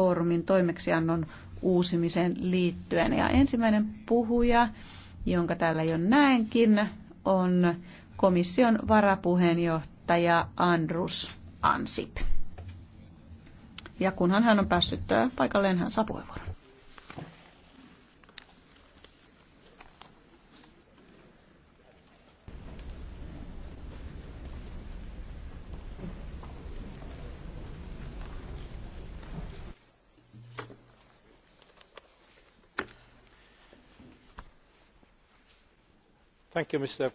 foorumin toimeksiannon uusimiseen liittyen. Ja ensimmäinen puhuja, jonka täällä jo näenkin, on komission varapuheenjohtaja Andrus Ansip. Ja kunhan hän on päässyt äh, paikalleen, hän saa puheenvuoron. arvoisa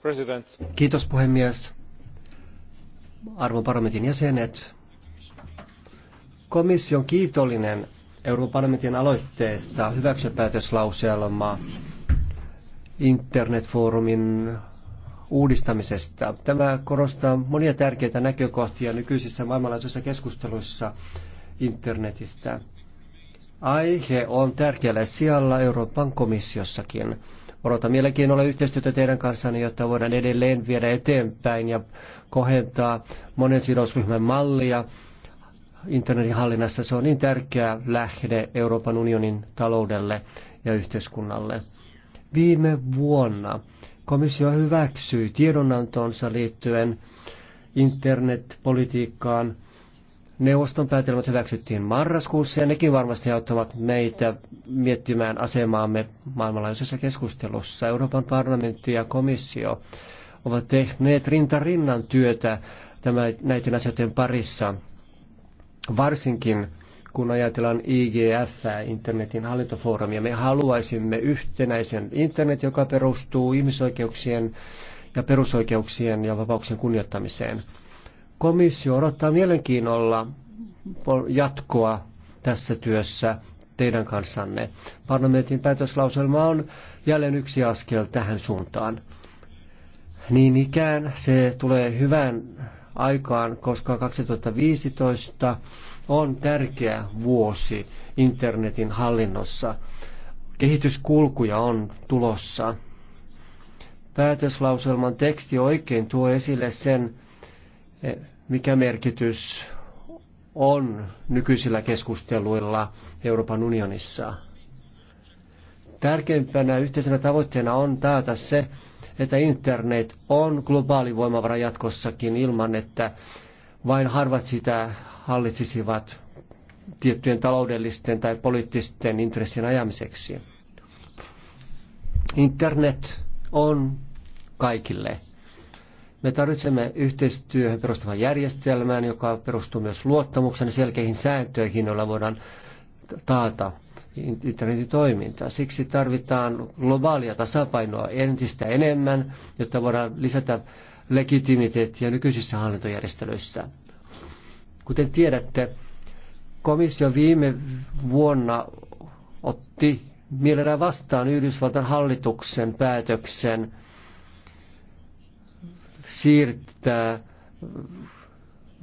Kiitos puhemies. Arvon parlamentin jäsenet. Komissio on kiitollinen Euroopan parlamentin aloitteesta hyväksyä päätöslauselma internetfoorumin uudistamisesta. Tämä korostaa monia tärkeitä näkökohtia nykyisissä maailmanlaajuisissa keskusteluissa internetistä. Aihe on tärkeällä sijalla Euroopan komissiossakin. Odotan mielenkiinnolla yhteistyötä teidän kanssanne, jotta voidaan edelleen viedä eteenpäin ja kohentaa monen sidosryhmän mallia. Internetin hallinnassa se on niin tärkeä lähde Euroopan unionin taloudelle ja yhteiskunnalle. Viime vuonna komissio hyväksyi tiedonantonsa liittyen internetpolitiikkaan Neuvoston päätelmät hyväksyttiin marraskuussa ja nekin varmasti auttavat meitä miettimään asemaamme maailmanlaajuisessa keskustelussa. Euroopan parlamentti ja komissio ovat tehneet rinta rinnan työtä tämä, näiden asioiden parissa, varsinkin kun ajatellaan IGF, internetin hallintofoorumia. Me haluaisimme yhtenäisen internet, joka perustuu ihmisoikeuksien ja perusoikeuksien ja vapauksien kunnioittamiseen. Komissio odottaa mielenkiinnolla jatkoa tässä työssä teidän kanssanne. Parlamentin päätöslauselma on jälleen yksi askel tähän suuntaan. Niin ikään se tulee hyvään aikaan, koska 2015 on tärkeä vuosi internetin hallinnossa. Kehityskulkuja on tulossa. Päätöslauselman teksti oikein tuo esille sen, mikä merkitys on nykyisillä keskusteluilla Euroopan unionissa. Tärkeimpänä yhteisenä tavoitteena on taata se, että internet on globaali voimavara jatkossakin ilman, että vain harvat sitä hallitsisivat tiettyjen taloudellisten tai poliittisten intressien ajamiseksi. Internet on kaikille. Me tarvitsemme yhteistyöhön perustuvan järjestelmän, joka perustuu myös luottamuksen ja selkeihin sääntöihin, joilla voidaan taata internetin toimintaa. Siksi tarvitaan globaalia tasapainoa entistä enemmän, jotta voidaan lisätä legitimiteettiä nykyisissä hallintojärjestelyissä. Kuten tiedätte, komissio viime vuonna otti mielellään vastaan Yhdysvaltain hallituksen päätöksen siirtää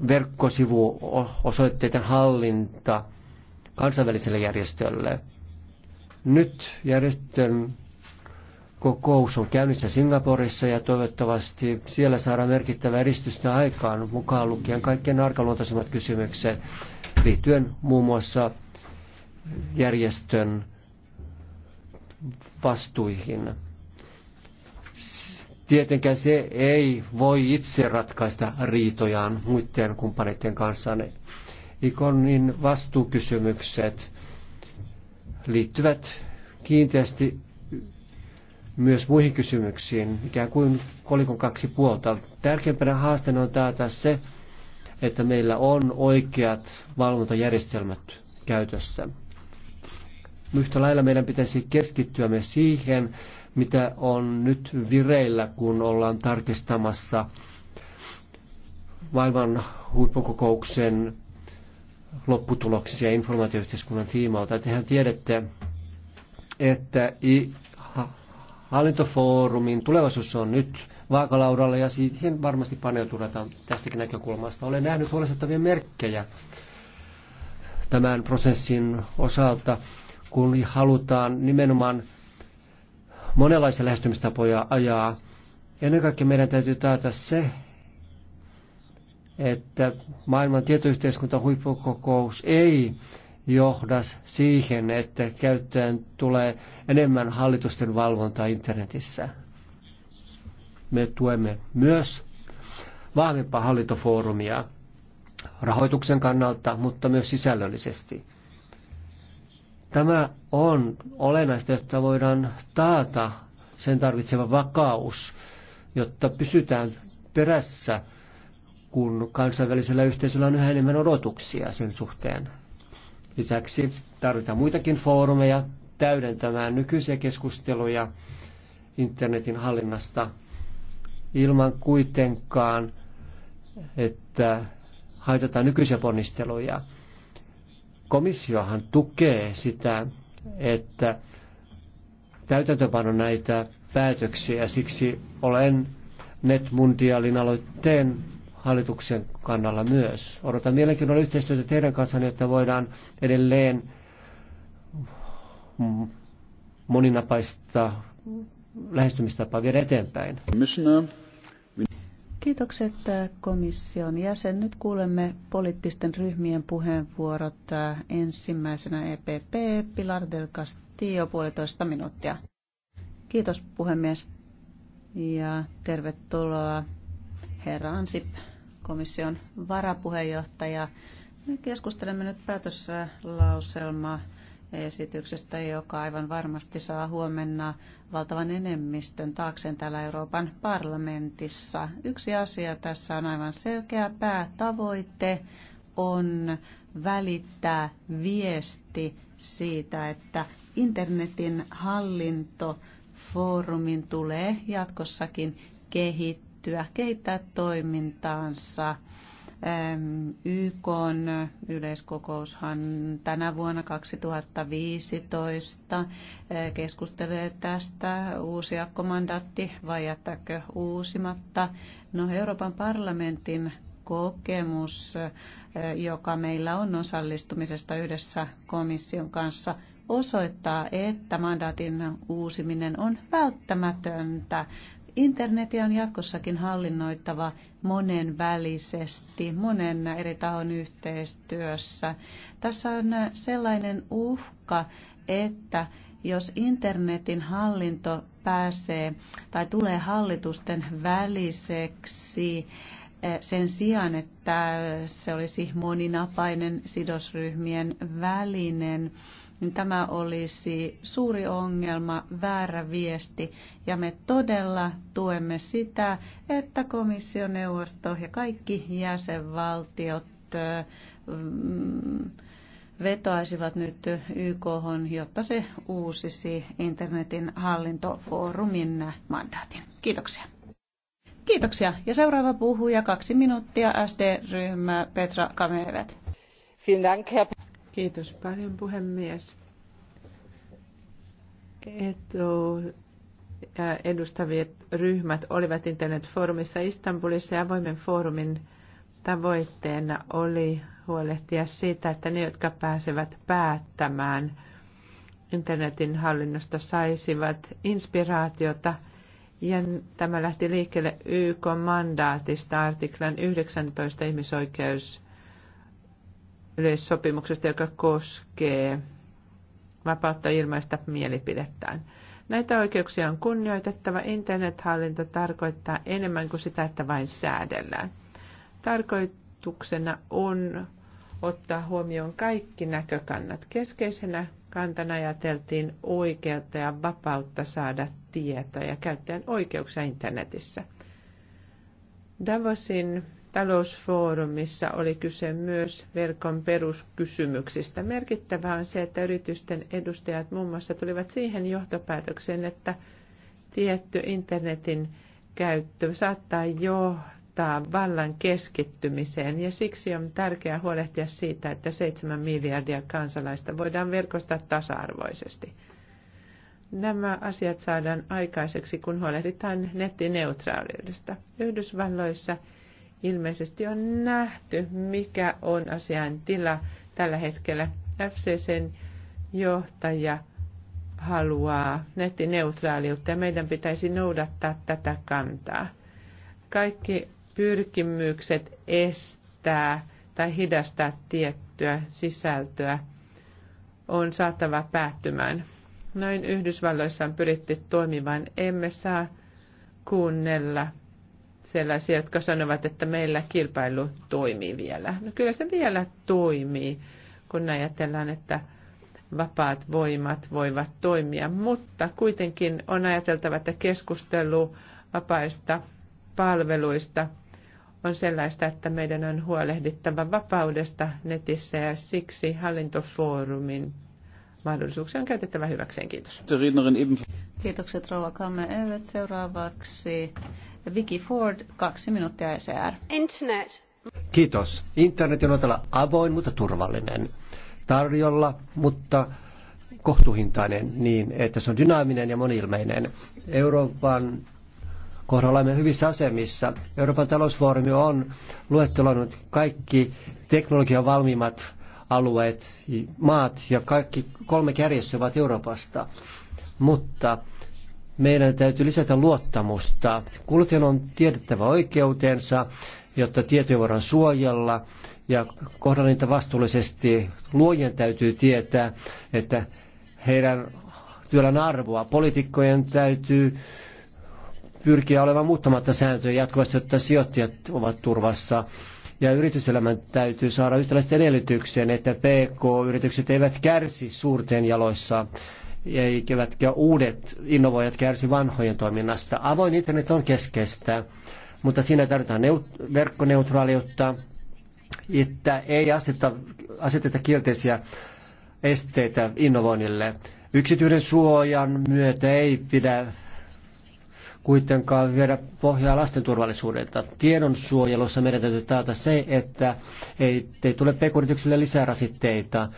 verkkosivuosoitteiden hallinta kansainväliselle järjestölle. Nyt järjestön kokous on käynnissä Singaporessa ja toivottavasti siellä saadaan merkittävä edistystä aikaan, mukaan lukien kaikkien arkaluontoisimmat kysymykset liittyen muun muassa järjestön vastuihin. Tietenkään se ei voi itse ratkaista riitojaan muiden kumppaneiden kanssa. Ikonin vastuukysymykset liittyvät kiinteästi myös muihin kysymyksiin, ikään kuin kolikon kaksi puolta. Tärkeimpänä haasteena on taata se, että meillä on oikeat valvontajärjestelmät käytössä. Yhtä lailla meidän pitäisi keskittyä myös siihen, mitä on nyt vireillä, kun ollaan tarkistamassa maailman huippukokouksen lopputuloksia informaatioyhteiskunnan tiimalta. Tehän tiedätte, että hallintofoorumin tulevaisuus on nyt vaakalaudalla ja siihen varmasti paneutuudetaan tästäkin näkökulmasta. Olen nähnyt huolestuttavia merkkejä tämän prosessin osalta, kun halutaan nimenomaan monenlaisia lähestymistapoja ajaa. Ennen kaikkea meidän täytyy taata se, että maailman huippukokous ei johda siihen, että käyttöön tulee enemmän hallitusten valvontaa internetissä. Me tuemme myös vahvempaa hallintofoorumia rahoituksen kannalta, mutta myös sisällöllisesti. Tämä on olennaista, jotta voidaan taata sen tarvitseva vakaus, jotta pysytään perässä, kun kansainvälisellä yhteisöllä on yhä enemmän odotuksia sen suhteen. Lisäksi tarvitaan muitakin foorumeja täydentämään nykyisiä keskusteluja internetin hallinnasta ilman kuitenkaan, että haitataan nykyisiä ponnisteluja. Komissiohan tukee sitä, että täytäntöpano näitä päätöksiä. Siksi olen NetMundialin aloitteen hallituksen kannalla myös. Odotan mielenkiinnolla yhteistyötä teidän kanssa, jotta voidaan edelleen moninapaista lähestymistapaa viedä eteenpäin. Commissioner. Kiitokset äh, komission jäsen. Nyt kuulemme poliittisten ryhmien puheenvuorot. Äh, ensimmäisenä EPP, Pilar del Castillo, puolitoista minuuttia. Kiitos puhemies ja tervetuloa herra Ansip, komission varapuheenjohtaja. Me keskustelemme nyt päätöslauselmaa esityksestä, joka aivan varmasti saa huomenna valtavan enemmistön taakseen täällä Euroopan parlamentissa. Yksi asia tässä on aivan selkeä päätavoite on välittää viesti siitä, että internetin hallintofoorumin tulee jatkossakin kehittyä, kehittää toimintaansa – YK yleiskokoushan tänä vuonna 2015 keskustelee tästä uusiakko mandaatti vai jättääkö uusimatta. No Euroopan parlamentin kokemus, joka meillä on osallistumisesta yhdessä komission kanssa, osoittaa, että mandaatin uusiminen on välttämätöntä, Internetiä on jatkossakin hallinnoittava monenvälisesti, monen eri tahon yhteistyössä. Tässä on sellainen uhka, että jos internetin hallinto pääsee tai tulee hallitusten väliseksi eh, sen sijaan, että se olisi moninapainen sidosryhmien välinen, niin tämä olisi suuri ongelma, väärä viesti. Ja me todella tuemme sitä, että komissioneuvosto ja kaikki jäsenvaltiot mm, vetoaisivat nyt YK, jotta se uusisi internetin hallintofoorumin mandaatin. Kiitoksia. Kiitoksia. Ja seuraava puhuja kaksi minuuttia SD-ryhmä Petra Kamevet. Kiitos paljon puhemies. Etu, edustavat ryhmät olivat internetfoorumissa Istanbulissa ja avoimen foorumin tavoitteena oli huolehtia siitä, että ne, jotka pääsevät päättämään internetin hallinnosta, saisivat inspiraatiota. Ja tämä lähti liikkeelle YK-mandaatista artiklan 19 ihmisoikeus yleissopimuksesta, joka koskee vapautta ilmaista mielipidettään. Näitä oikeuksia on kunnioitettava. Internethallinta tarkoittaa enemmän kuin sitä, että vain säädellään. Tarkoituksena on ottaa huomioon kaikki näkökannat. Keskeisenä kantana ajateltiin oikeutta ja vapautta saada tietoa ja käyttäjän oikeuksia internetissä. Davosin Talousfoorumissa oli kyse myös verkon peruskysymyksistä. Merkittävää on se, että yritysten edustajat muun muassa tulivat siihen johtopäätökseen, että tietty internetin käyttö saattaa johtaa vallan keskittymiseen ja siksi on tärkeää huolehtia siitä, että 7 miljardia kansalaista voidaan verkostaa tasa-arvoisesti. Nämä asiat saadaan aikaiseksi, kun huolehditaan nettineutraaliudesta. Yhdysvalloissa – ilmeisesti on nähty, mikä on asian tila tällä hetkellä. FCCn johtaja haluaa nettineutraaliutta ja meidän pitäisi noudattaa tätä kantaa. Kaikki pyrkimykset estää tai hidastaa tiettyä sisältöä on saatava päättymään. Noin Yhdysvalloissa on pyritty toimimaan. Emme saa kuunnella sellaisia, jotka sanovat, että meillä kilpailu toimii vielä. No kyllä se vielä toimii, kun ajatellaan, että vapaat voimat voivat toimia, mutta kuitenkin on ajateltava, että keskustelu vapaista palveluista on sellaista, että meidän on huolehdittava vapaudesta netissä ja siksi hallintofoorumin mahdollisuuksia on käytettävä hyväkseen. Kiitos. Kiitokset Rouva Kamme Evet. Seuraavaksi Vicky Ford, kaksi minuuttia ECR. Internet. Kiitos. Internet on oltava avoin, mutta turvallinen. Tarjolla, mutta kohtuuhintainen niin, että se on dynaaminen ja monilmeinen. Euroopan kohdalla olemme hyvissä asemissa. Euroopan talousfoorumi on luettelonut kaikki teknologian valmiimmat alueet, maat ja kaikki kolme kärjessä ovat Euroopasta. Mutta meidän täytyy lisätä luottamusta. Kuluttajan on tiedettävä oikeutensa, jotta tietoja voidaan suojella ja kohdalla niitä vastuullisesti. Luojen täytyy tietää, että heidän työlän arvoa. Poliitikkojen täytyy pyrkiä olemaan muuttamatta sääntöjä jatkuvasti, jotta sijoittajat ovat turvassa. Ja yrityselämän täytyy saada yhtäläisten edellytyksen, että PK-yritykset eivät kärsi suurten jaloissa eivätkä uudet innovoijat kärsi vanhojen toiminnasta. Avoin internet on keskeistä, mutta siinä tarvitaan neut- verkkoneutraaliutta, että ei aseteta, aseteta kielteisiä esteitä innovoinnille. Yksityinen suojan myötä ei pidä kuitenkaan viedä pohjaa lasten turvallisuudelta. Tiedon suojelussa meidän täytyy taata se, että ei, ei tule pk lisää rasitteita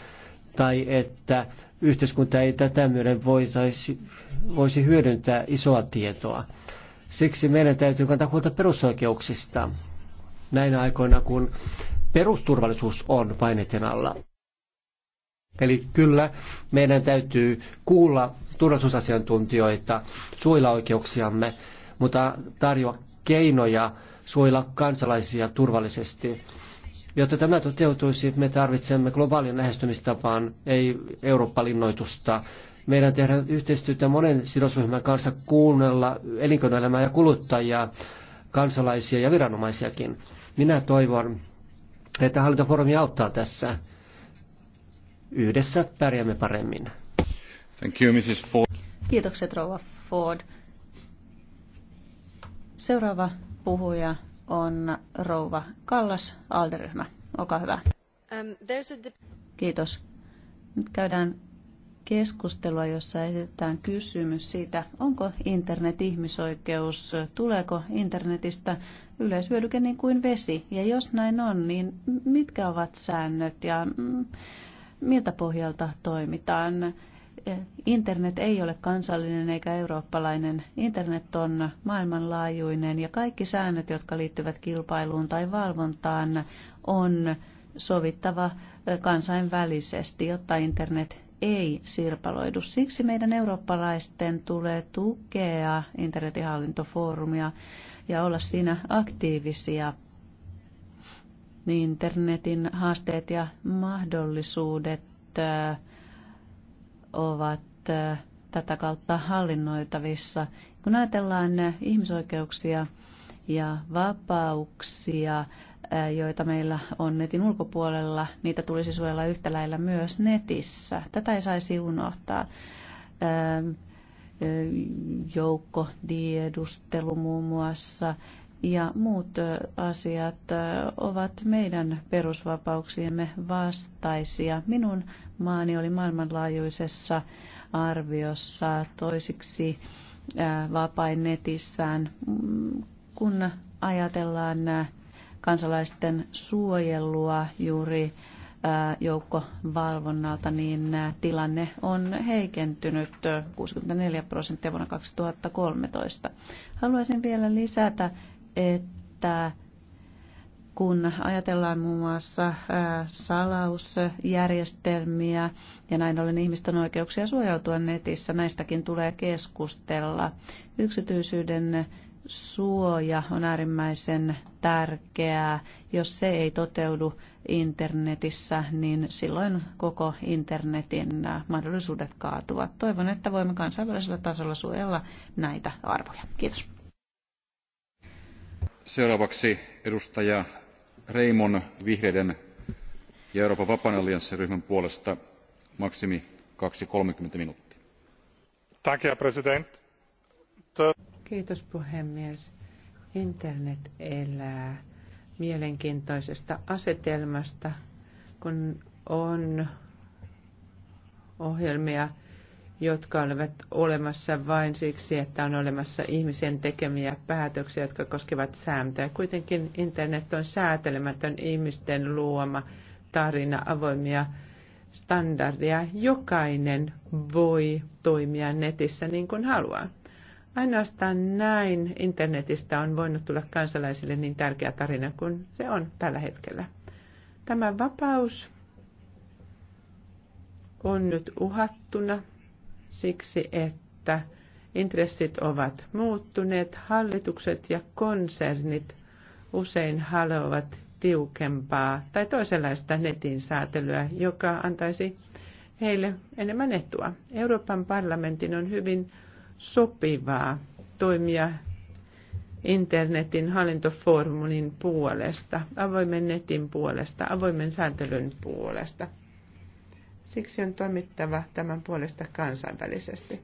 tai että yhteiskunta ei tätä myöden voitaisi, voisi hyödyntää isoa tietoa. Siksi meidän täytyy kantaa huolta perusoikeuksista näinä aikoina, kun perusturvallisuus on paineiden alla. Eli kyllä meidän täytyy kuulla turvallisuusasiantuntijoita, suojella oikeuksiamme, mutta tarjoa keinoja suojella kansalaisia turvallisesti. Jotta tämä toteutuisi, me tarvitsemme globaalin lähestymistapaan, ei Eurooppa-linnoitusta. Meidän tehdään yhteistyötä monen sidosryhmän kanssa kuunnella elinkeinoelämää ja kuluttajia, kansalaisia ja viranomaisiakin. Minä toivon, että hallintofoorumi auttaa tässä. Yhdessä pärjäämme paremmin. Thank you, Mrs. Ford. Kiitokset, rouva Ford. Seuraava puhuja on rouva Kallas, Alderyhmä. Olkaa hyvä. Um, Kiitos. Nyt käydään keskustelua, jossa esitetään kysymys siitä, onko internet ihmisoikeus, tuleeko internetistä yleishyödyke niin kuin vesi, ja jos näin on, niin mitkä ovat säännöt ja miltä pohjalta toimitaan internet ei ole kansallinen eikä eurooppalainen. Internet on maailmanlaajuinen ja kaikki säännöt, jotka liittyvät kilpailuun tai valvontaan, on sovittava kansainvälisesti, jotta internet ei sirpaloidu. Siksi meidän eurooppalaisten tulee tukea internetin hallintofoorumia ja olla siinä aktiivisia. Internetin haasteet ja mahdollisuudet ovat äh, tätä kautta hallinnoitavissa. Kun ajatellaan äh, ihmisoikeuksia ja vapauksia, äh, joita meillä on netin ulkopuolella, niitä tulisi suojella yhtä lailla myös netissä. Tätä ei saisi unohtaa. Ähm, Joukkotiedustelu muun muassa ja muut asiat ovat meidän perusvapauksiemme vastaisia. Minun maani oli maailmanlaajuisessa arviossa toisiksi vapain netissään, mm, kun ajatellaan kansalaisten suojelua juuri joukkovalvonnalta, niin tilanne on heikentynyt 64 prosenttia vuonna 2013. Haluaisin vielä lisätä että kun ajatellaan muun muassa äh, salausjärjestelmiä ja näin ollen ihmisten oikeuksia suojautua netissä, näistäkin tulee keskustella. Yksityisyyden suoja on äärimmäisen tärkeää. Jos se ei toteudu internetissä, niin silloin koko internetin äh, mahdollisuudet kaatuvat. Toivon, että voimme kansainvälisellä tasolla suojella näitä arvoja. Kiitos seuraavaksi edustaja reimon vihreiden ja euroopan vapaan allianssin ryhmän puolesta maksimi kaksi kolmekymmentä minuuttia. Kiitos puhemies. Internet elää mielenkiintoisesta asetelmasta, kun on ohjelmia jotka olivat olemassa vain siksi, että on olemassa ihmisen tekemiä päätöksiä, jotka koskevat sääntöjä. Kuitenkin internet on säätelemätön ihmisten luoma tarina avoimia standardia. Jokainen voi toimia netissä niin kuin haluaa. Ainoastaan näin internetistä on voinut tulla kansalaisille niin tärkeä tarina kuin se on tällä hetkellä. Tämä vapaus on nyt uhattuna siksi, että intressit ovat muuttuneet, hallitukset ja konsernit usein haluavat tiukempaa tai toisenlaista netin säätelyä, joka antaisi heille enemmän etua. Euroopan parlamentin on hyvin sopivaa toimia internetin hallintofoorumin puolesta, avoimen netin puolesta, avoimen sääntelyn puolesta. Siksi on toimittava tämän puolesta kansainvälisesti.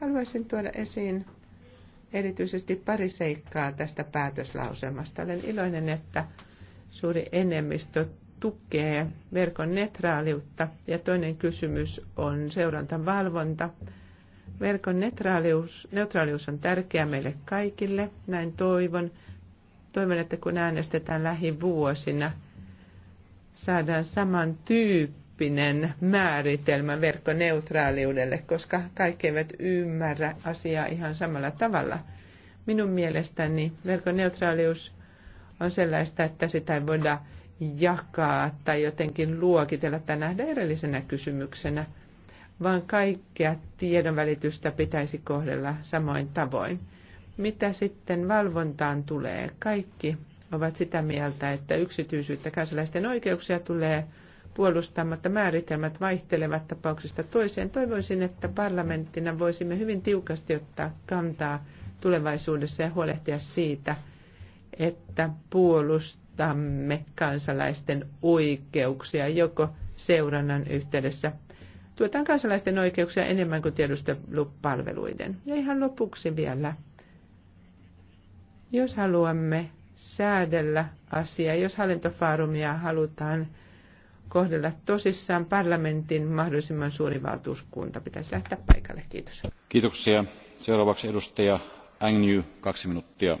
Haluaisin tuoda esiin erityisesti pari seikkaa tästä päätöslauselmasta. Olen iloinen, että suuri enemmistö tukee verkon netraaliutta. ja toinen kysymys on seurantavalvonta. Verkon netraalius neutraalius on tärkeä meille kaikille, näin toivon. Toivon, että kun äänestetään lähivuosina, saadaan saman tyyppi tyyppinen määritelmä verkkoneutraaliudelle, koska kaikki eivät ymmärrä asiaa ihan samalla tavalla. Minun mielestäni verkkoneutraalius on sellaista, että sitä ei voida jakaa tai jotenkin luokitella tai nähdä erillisenä kysymyksenä, vaan kaikkea tiedonvälitystä pitäisi kohdella samoin tavoin. Mitä sitten valvontaan tulee? Kaikki ovat sitä mieltä, että yksityisyyttä kansalaisten oikeuksia tulee puolustamatta. Määritelmät vaihtelevat tapauksesta toiseen. Toivoisin, että parlamenttina voisimme hyvin tiukasti ottaa kantaa tulevaisuudessa ja huolehtia siitä, että puolustamme kansalaisten oikeuksia joko seurannan yhteydessä. Tuetaan kansalaisten oikeuksia enemmän kuin tiedustelupalveluiden. Ja ihan lopuksi vielä. Jos haluamme säädellä asiaa, jos hallintofaarumia halutaan kohdella tosissaan. Parlamentin mahdollisimman suuri valtuuskunta pitäisi lähteä paikalle. Kiitos. Kiitoksia. Seuraavaksi edustaja Agnew, kaksi minuuttia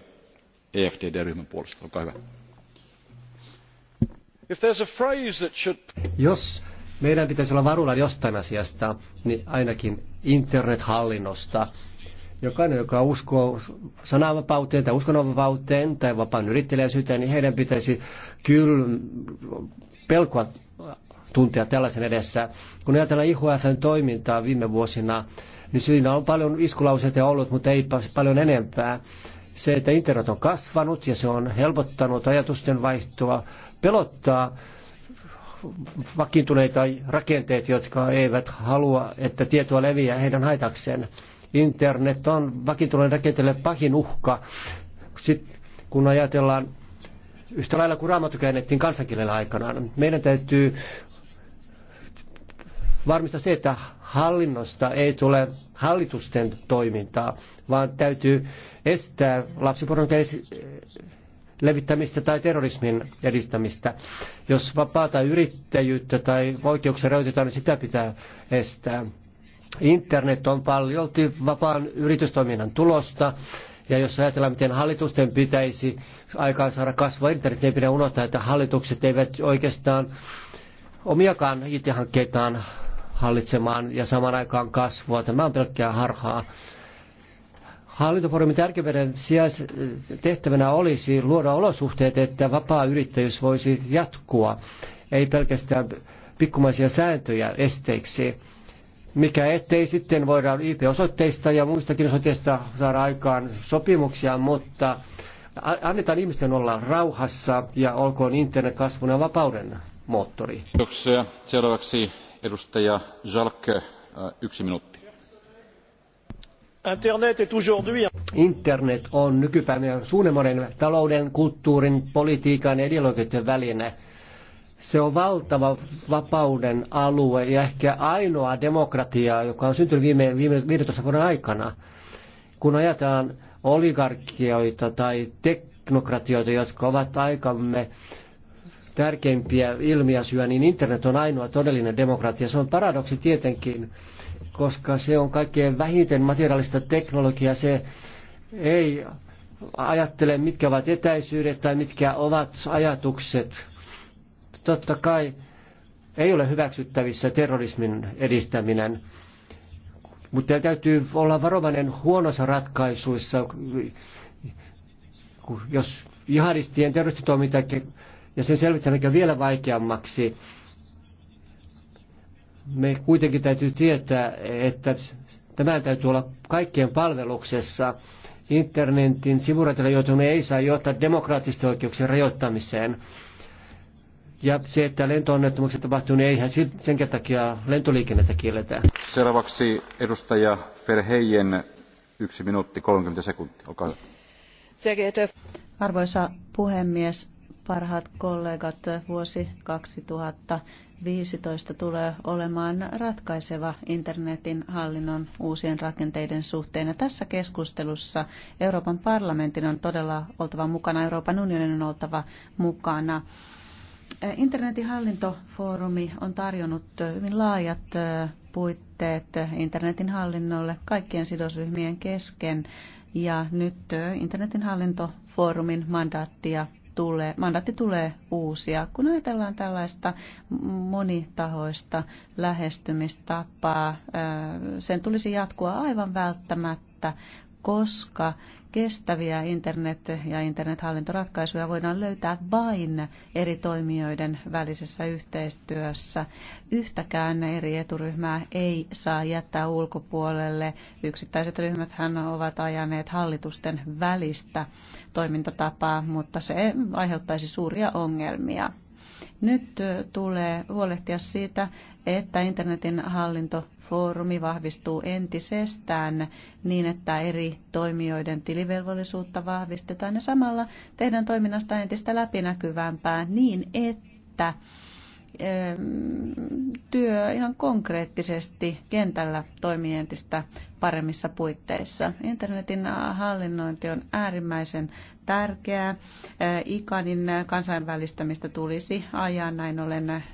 EFDD-ryhmän puolesta. Olkaa hyvä. If there's a phrase that should... Jos meidän pitäisi olla varuilla jostain asiasta, niin ainakin internethallinnosta. Jokainen, joka uskoo sananvapauteen tai uskonnonvapauteen tai vapaan yrittäjäisyyteen, niin heidän pitäisi kyllä pelkoa tuntea tällaisen edessä. Kun ajatellaan IHFn toimintaa viime vuosina, niin siinä on paljon iskulauseita ollut, mutta ei paljon enempää. Se, että internet on kasvanut ja se on helpottanut ajatusten vaihtoa, pelottaa vakiintuneita rakenteita jotka eivät halua, että tietoa leviää heidän haitakseen. Internet on vakiintuneen rakenteelle pahin uhka. Sitten kun ajatellaan yhtä lailla kuin raamattu käännettiin kansankielellä aikanaan. Meidän täytyy varmistaa se, että hallinnosta ei tule hallitusten toimintaa, vaan täytyy estää lapsipornografian levittämistä tai terrorismin edistämistä. Jos vapaata yrittäjyyttä tai oikeuksia rajoitetaan, niin sitä pitää estää. Internet on paljolti vapaan yritystoiminnan tulosta, ja jos ajatellaan, miten hallitusten pitäisi aikaan saada kasvua, internet ei pidä unohtaa, että hallitukset eivät oikeastaan omiakaan IT-hankkeitaan hallitsemaan ja samaan aikaan kasvua. Tämä on pelkkää harhaa. Hallintofoorumin tärkeimpänä tehtävänä olisi luoda olosuhteet, että vapaa yrittäjyys voisi jatkua, ei pelkästään pikkumaisia sääntöjä esteiksi, mikä ettei sitten voida IP-osoitteista ja muistakin osoitteista saada aikaan sopimuksia, mutta annetaan ihmisten olla rauhassa ja olkoon internet kasvun ja vapauden moottori. Kiitoksia. Seuraavaksi Äh, Internet, on nykypäivänä suunnanmoinen talouden, kulttuurin, politiikan ja ideologioiden väline. Se on valtava vapauden alue ja ehkä ainoa demokratia, joka on syntynyt viime, viime 15 vuoden aikana. Kun ajatellaan oligarkioita tai teknokratioita, jotka ovat aikamme tärkeimpiä ilmiasyjä, niin internet on ainoa todellinen demokratia. Se on paradoksi tietenkin, koska se on kaikkein vähiten materiaalista teknologiaa. Se ei ajattele, mitkä ovat etäisyydet tai mitkä ovat ajatukset. Totta kai ei ole hyväksyttävissä terrorismin edistäminen. Mutta täytyy olla varovainen huonossa ratkaisuissa, jos jihadistien terroristitoiminta ja sen selvittää vielä vaikeammaksi. Me kuitenkin täytyy tietää, että tämä täytyy olla kaikkien palveluksessa. Internetin sivuratilla joutuminen ei saa johtaa demokraattisten oikeuksien rajoittamiseen. Ja se, että lentoonnettomuuksia tapahtuu, niin eihän sen takia lentoliikennettä kielletä. Seuraavaksi edustaja Ferheijen yksi minuutti 30 sekuntia. Olkaa hyvä. Arvoisa puhemies, Parhaat kollegat, vuosi 2015 tulee olemaan ratkaiseva internetin hallinnon uusien rakenteiden suhteen. Ja tässä keskustelussa Euroopan parlamentin on todella oltava mukana, Euroopan unionin on oltava mukana. Internetin hallintofoorumi on tarjonnut hyvin laajat puitteet internetin hallinnolle kaikkien sidosryhmien kesken. Ja nyt internetin hallintofoorumin mandaattia tulee, mandaatti tulee uusia. Kun ajatellaan tällaista monitahoista lähestymistapaa, sen tulisi jatkua aivan välttämättä koska kestäviä internet- ja internethallintoratkaisuja voidaan löytää vain eri toimijoiden välisessä yhteistyössä. Yhtäkään eri eturyhmää ei saa jättää ulkopuolelle. Yksittäiset ryhmät ovat ajaneet hallitusten välistä toimintatapaa, mutta se aiheuttaisi suuria ongelmia. Nyt tulee huolehtia siitä, että internetin hallintofoorumi vahvistuu entisestään niin, että eri toimijoiden tilivelvollisuutta vahvistetaan ja samalla tehdään toiminnasta entistä läpinäkyvämpää niin, että työ ihan konkreettisesti kentällä toimii entistä paremmissa puitteissa. Internetin hallinnointi on äärimmäisen tärkeää. ICANin kansainvälistämistä tulisi ajaa näin ollen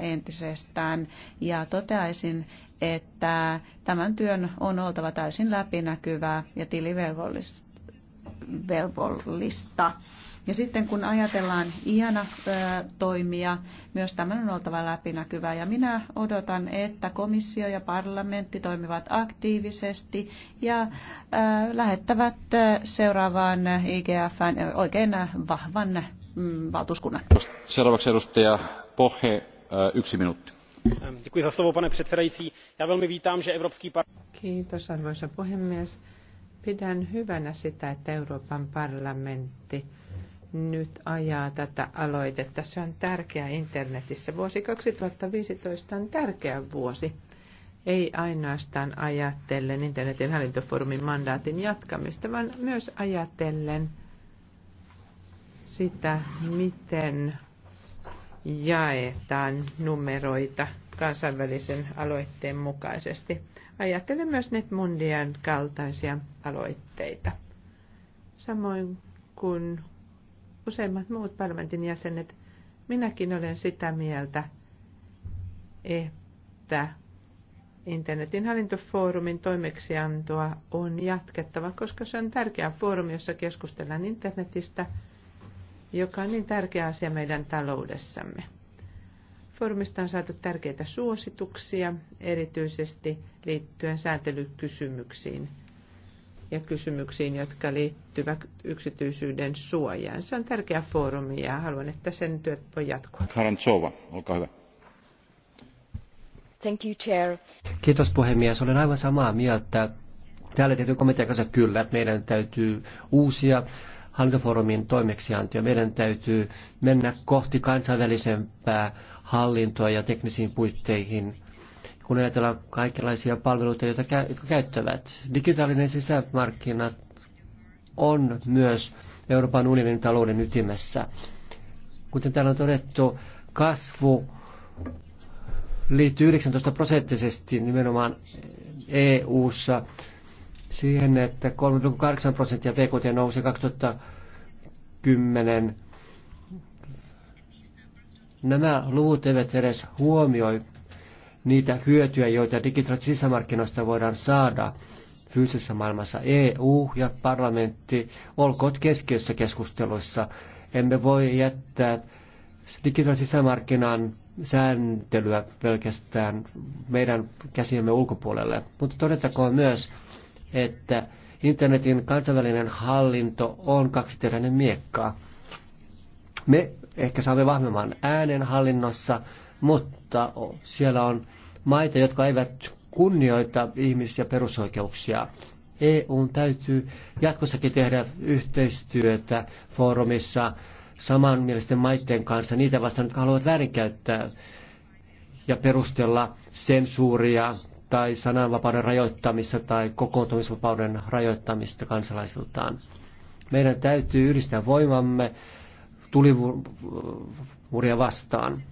entisestään ja toteaisin, että tämän työn on oltava täysin läpinäkyvää ja tilivelvollista. Ja sitten kun ajatellaan iana toimia, myös tämän on oltava läpinäkyvää. Ja minä odotan, että komissio ja parlamentti toimivat aktiivisesti ja lähettävät seuraavaan IGFn oikein vahvan mm, valtuuskunnan. Seuraavaksi edustaja Pohe, yksi minuutti. pane předsedající. Já velmi vítám, že Evropský Kiitos, arvoisa puhemies. Pidän hyvänä sitä, että Euroopan parlamentti nyt ajaa tätä aloitetta. Se on tärkeä internetissä. Vuosi 2015 on tärkeä vuosi. Ei ainoastaan ajatellen internetin hallintofoorumin mandaatin jatkamista, vaan myös ajatellen sitä, miten jaetaan numeroita kansainvälisen aloitteen mukaisesti. Ajattelen myös NetMundian kaltaisia aloitteita. Samoin kuin useimmat muut parlamentin jäsenet, minäkin olen sitä mieltä, että internetin hallintofoorumin toimeksiantoa on jatkettava, koska se on tärkeä foorumi, jossa keskustellaan internetistä, joka on niin tärkeä asia meidän taloudessamme. Foorumista on saatu tärkeitä suosituksia, erityisesti liittyen sääntelykysymyksiin – ja kysymyksiin, jotka liittyvät yksityisyyden suojaan. Se on tärkeä foorumi ja haluan, että sen työt voi jatkua. Tsova, olkaa hyvä. Thank you, Chair. Kiitos puhemies. Olen aivan samaa mieltä. Täällä täytyy komitean kanssa kyllä, että meidän täytyy uusia hallintofoorumin toimeksiantoja. Meidän täytyy mennä kohti kansainvälisempää hallintoa ja teknisiin puitteihin – kun ajatellaan kaikenlaisia palveluita, joita jotka käyttävät. Digitaalinen sisämarkkina on myös Euroopan unionin talouden ytimessä. Kuten täällä on todettu, kasvu liittyy 19 prosenttisesti nimenomaan EU-ssa siihen, että 3,8 prosenttia VKT nousi 2010. Nämä luvut eivät edes huomioi niitä hyötyjä, joita digitaalisista sisämarkkinoista voidaan saada fyysisessä maailmassa. EU ja parlamentti olkoot keskiössä keskusteluissa. Emme voi jättää digitaalisen sisämarkkinan sääntelyä pelkästään meidän käsiemme ulkopuolelle. Mutta todettakoon myös, että internetin kansainvälinen hallinto on kaksiteräinen miekka. Me ehkä saamme vahvemman äänen hallinnossa, mutta siellä on maita, jotka eivät kunnioita ihmis- ja perusoikeuksia. EU täytyy jatkossakin tehdä yhteistyötä foorumissa samanmielisten maiden kanssa, niitä vastaan, jotka haluavat väärinkäyttää ja perustella sensuuria tai sananvapauden rajoittamista tai kokoontumisvapauden rajoittamista kansalaisiltaan. Meidän täytyy yhdistää voimamme tulivuoria vastaan.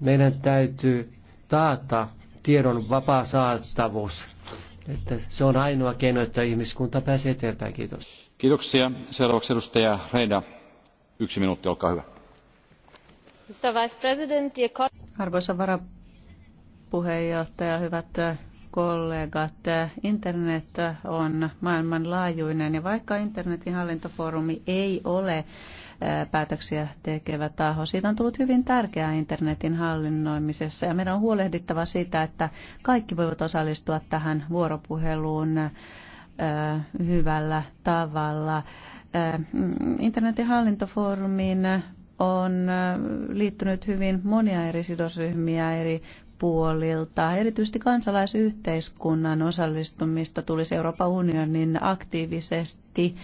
Meidän täytyy taata tiedon vapaa saattavuus. Että se on ainoa keino, että ihmiskunta pääsee eteenpäin. Kiitos. Kiitoksia. Seuraavaksi edustaja Reida. Yksi minuutti, olkaa hyvä. Arvoisa varapuheenjohtaja, hyvät kollegat, internet on maailmanlaajuinen ja vaikka internetin hallintofoorumi ei ole päätöksiä tekevä taho. Siitä on tullut hyvin tärkeää internetin hallinnoimisessa ja meidän on huolehdittava siitä, että kaikki voivat osallistua tähän vuoropuheluun hyvällä tavalla. Mm, internetin hallintofoorumiin on liittynyt hyvin monia eri sidosryhmiä, eri puolilta. Erityisesti kansalaisyhteiskunnan osallistumista tulisi Euroopan unionin aktiivisesti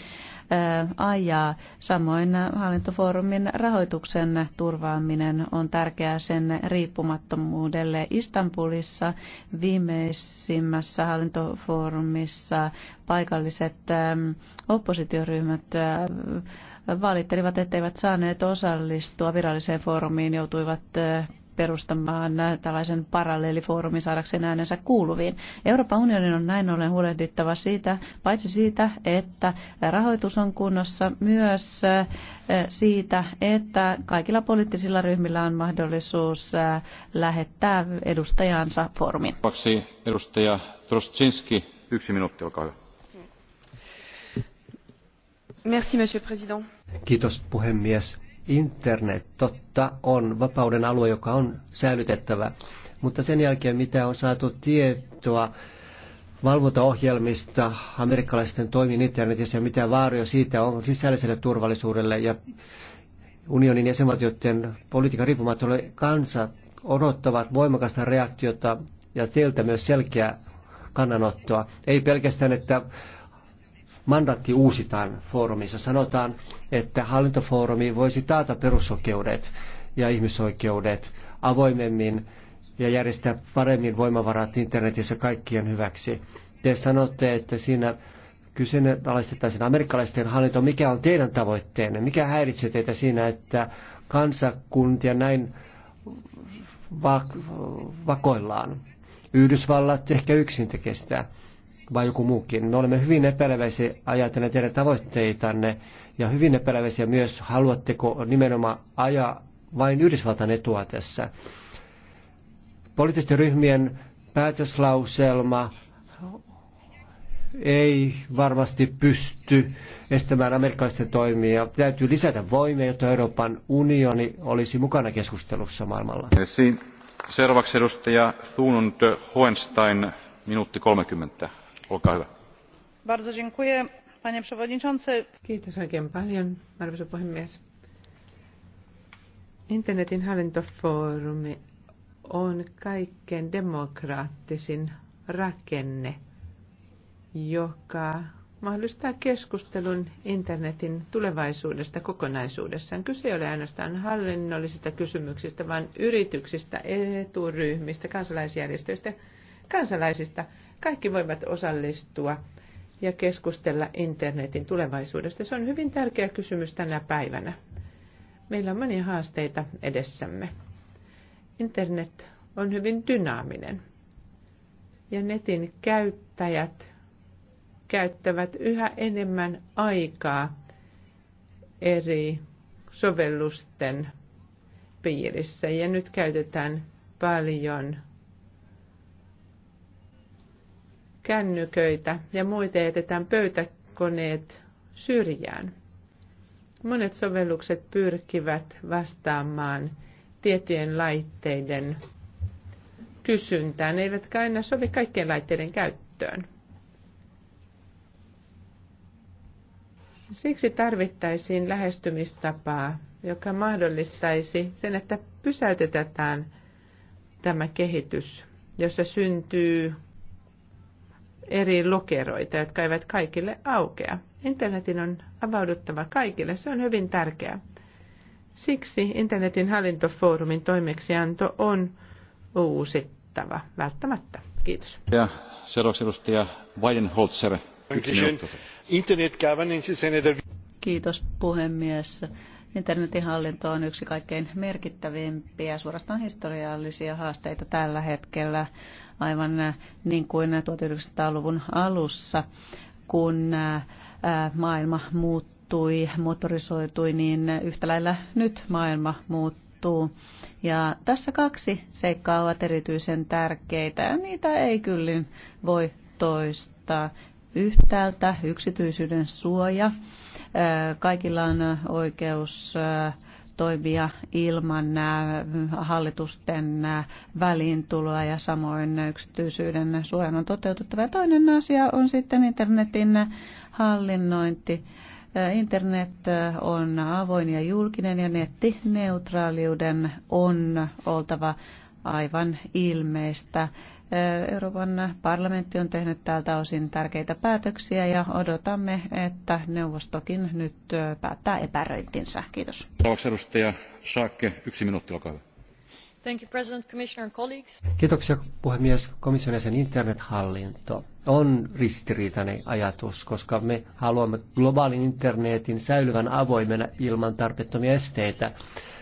ajaa. Samoin hallintofoorumin rahoituksen turvaaminen on tärkeää sen riippumattomuudelle. Istanbulissa viimeisimmässä hallintofoorumissa paikalliset oppositioryhmät valittelivat, etteivät saaneet osallistua viralliseen foorumiin, joutuivat perustamaan tällaisen paralleelifoorumin saadakseen äänensä kuuluviin. Euroopan unionin on näin ollen huolehdittava siitä, paitsi siitä, että rahoitus on kunnossa, myös eh, siitä, että kaikilla poliittisilla ryhmillä on mahdollisuus eh, lähettää edustajansa foorumiin. edustaja Trostsinski, yksi minuutti, olkaa hyvä. Merci, monsieur président. Kiitos puhemies Internet totta on vapauden alue, joka on säilytettävä. Mutta sen jälkeen, mitä on saatu tietoa valvontaohjelmista amerikkalaisten toimin internetissä ja mitä vaaroja siitä on sisälliselle turvallisuudelle ja unionin jäsenvaltioiden politiikan riippumattomalle kansa odottavat voimakasta reaktiota ja teiltä myös selkeää kannanottoa. Ei pelkästään, että mandaatti uusitaan foorumissa. Sanotaan, että hallintofoorumi voisi taata perusoikeudet ja ihmisoikeudet avoimemmin ja järjestää paremmin voimavarat internetissä kaikkien hyväksi. Te sanotte, että siinä kyseenalaistettaisiin amerikkalaisten hallinto. Mikä on teidän tavoitteenne? Mikä häiritsee teitä siinä, että kansakuntia näin va- vakoillaan? Yhdysvallat ehkä yksin tekee sitä vai joku muukin. Me olemme hyvin epäileväisiä ajatellen teidän tavoitteitanne ja hyvin epäileväisiä myös, haluatteko nimenomaan ajaa vain Yhdysvaltain etua tässä. Poliittisten ryhmien päätöslauselma ei varmasti pysty estämään amerikkalaisten toimia. Täytyy lisätä voimia, jotta Euroopan unioni olisi mukana keskustelussa maailmalla. Seuraavaksi edustaja Thunund Hohenstein, minuutti 30. Kiitos arvoisa puhemies. Internetin hallintofoorumi on kaikkein demokraattisin rakenne, joka mahdollistaa keskustelun internetin tulevaisuudesta kokonaisuudessaan. Kyse ei ole ainoastaan hallinnollisista kysymyksistä, vaan yrityksistä, eturyhmistä, kansalaisjärjestöistä, kansalaisista, kaikki voivat osallistua ja keskustella internetin tulevaisuudesta. Se on hyvin tärkeä kysymys tänä päivänä. Meillä on monia haasteita edessämme. Internet on hyvin dynaaminen. Ja netin käyttäjät käyttävät yhä enemmän aikaa eri sovellusten piirissä. Ja nyt käytetään paljon kännyköitä ja muita jätetään pöytäkoneet syrjään. Monet sovellukset pyrkivät vastaamaan tiettyjen laitteiden kysyntään, eivätkä aina sovi kaikkien laitteiden käyttöön. Siksi tarvittaisiin lähestymistapaa, joka mahdollistaisi sen, että pysäytetään tämä kehitys, jossa syntyy eri lokeroita, jotka eivät kaikille aukea. Internetin on avauduttava kaikille, se on hyvin tärkeää. Siksi internetin hallintofoorumin toimeksianto on uusittava välttämättä. Kiitos. Ja seuraavaksi edustaja Weidenholzer. Internet Kiitos puhemies. Internetin hallinto on yksi kaikkein merkittävimpiä, suorastaan historiallisia haasteita tällä hetkellä, aivan äh, niin kuin 1900-luvun alussa, kun äh, äh, maailma muuttui, motorisoitui, niin yhtä lailla nyt maailma muuttuu. Ja tässä kaksi seikkaa ovat erityisen tärkeitä ja niitä ei kyllin voi toistaa. Yhtäältä yksityisyyden suoja Kaikilla on oikeus toimia ilman hallitusten väliintuloa ja samoin yksityisyyden suojan on toteutettava. Ja toinen asia on sitten internetin hallinnointi. Internet on avoin ja julkinen ja nettineutraaliuden on oltava aivan ilmeistä. Euroopan parlamentti on tehnyt tältä osin tärkeitä päätöksiä ja odotamme, että neuvostokin nyt päättää epäröintinsä. Kiitos. Edustaja Saakke, yksi minuutti, olkaa hyvä. Thank you, President, Commissioner and colleagues. Kiitoksia puhemies. Komission jäsen internethallinto on ristiriitainen ajatus, koska me haluamme globaalin internetin säilyvän avoimena ilman tarpeettomia esteitä.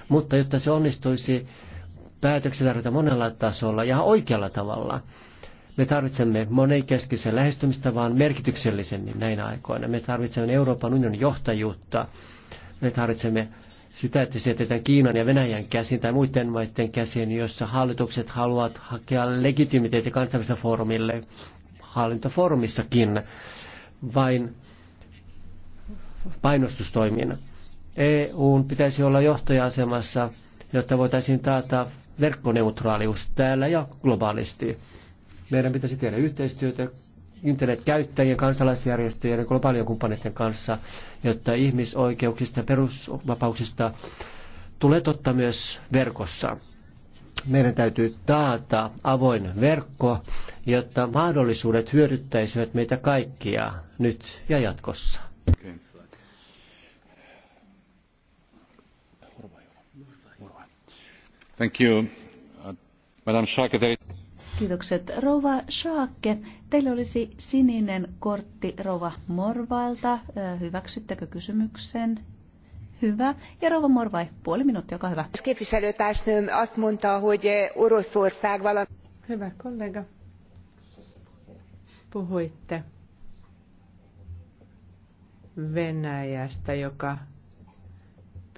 Mutta jotta se onnistuisi, päätöksiä tarvitaan monella tasolla ja oikealla tavalla. Me tarvitsemme monenkeskisen lähestymistä, vaan merkityksellisemmin näinä aikoina. Me tarvitsemme Euroopan unionin johtajuutta. Me tarvitsemme sitä, että se jätetään Kiinan ja Venäjän käsiin tai muiden maiden käsiin, jossa hallitukset haluavat hakea legitimiteetti kansainväliselle foorumille, hallintofoorumissakin, vain painostustoimina. EUn pitäisi olla johtoja-asemassa, jotta voitaisiin taata verkkoneutraalius täällä ja globaalisti. Meidän pitäisi tehdä yhteistyötä internetkäyttäjien, kansalaisjärjestöjen ja globaalien kumppaneiden kanssa, jotta ihmisoikeuksista ja perusvapauksista tulee totta myös verkossa. Meidän täytyy taata avoin verkko, jotta mahdollisuudet hyödyttäisivät meitä kaikkia nyt ja jatkossa. Okay. Uh, Kiitokset. Rouva Schake, teillä olisi sininen kortti Rouva Morvailta. Hyväksyttekö kysymyksen? Hyvä. Ja Rouva Morvai, puoli minuuttia, olkaa hyvä. Képviselőtársnőm azt mondta, hogy Oroszország Hyvä kollega. Puhuitte Venäjästä, joka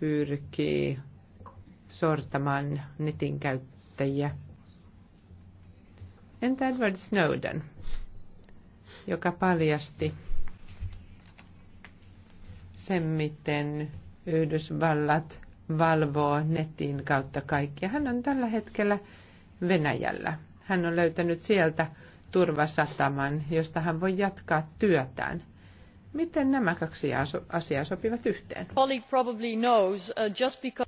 pyrkii sortamaan netin käyttäjiä. Entä Edward Snowden, joka paljasti sen, miten Yhdysvallat valvoo netin kautta kaikkia. Hän on tällä hetkellä Venäjällä. Hän on löytänyt sieltä turvasataman, josta hän voi jatkaa työtään – Miten nämä kaksi asiaa sopivat yhteen? Uh,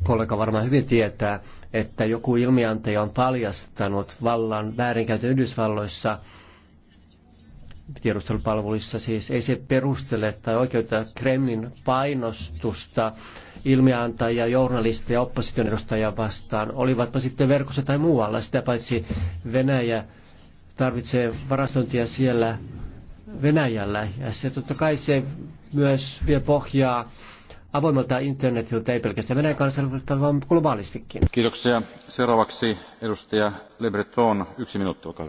Kollega varmaan hyvin tietää, että joku ilmiantaja on paljastanut vallan väärinkäytön Yhdysvalloissa tiedustelupalveluissa. Siis ei se perustele tai oikeuta Kremlin painostusta ilmiantajia, journalisteja, opposition edustajia vastaan, olivatpa sitten verkossa tai muualla. Sitä paitsi Venäjä tarvitsee varastointia siellä Venäjällä. Ja se totta kai se myös vie pohjaa avoimelta internetiltä, ei pelkästään Venäjän kansalaisilta, vaan globaalistikin. Kiitoksia. Seuraavaksi edustaja Le Breton. Yksi minuutti, olkaa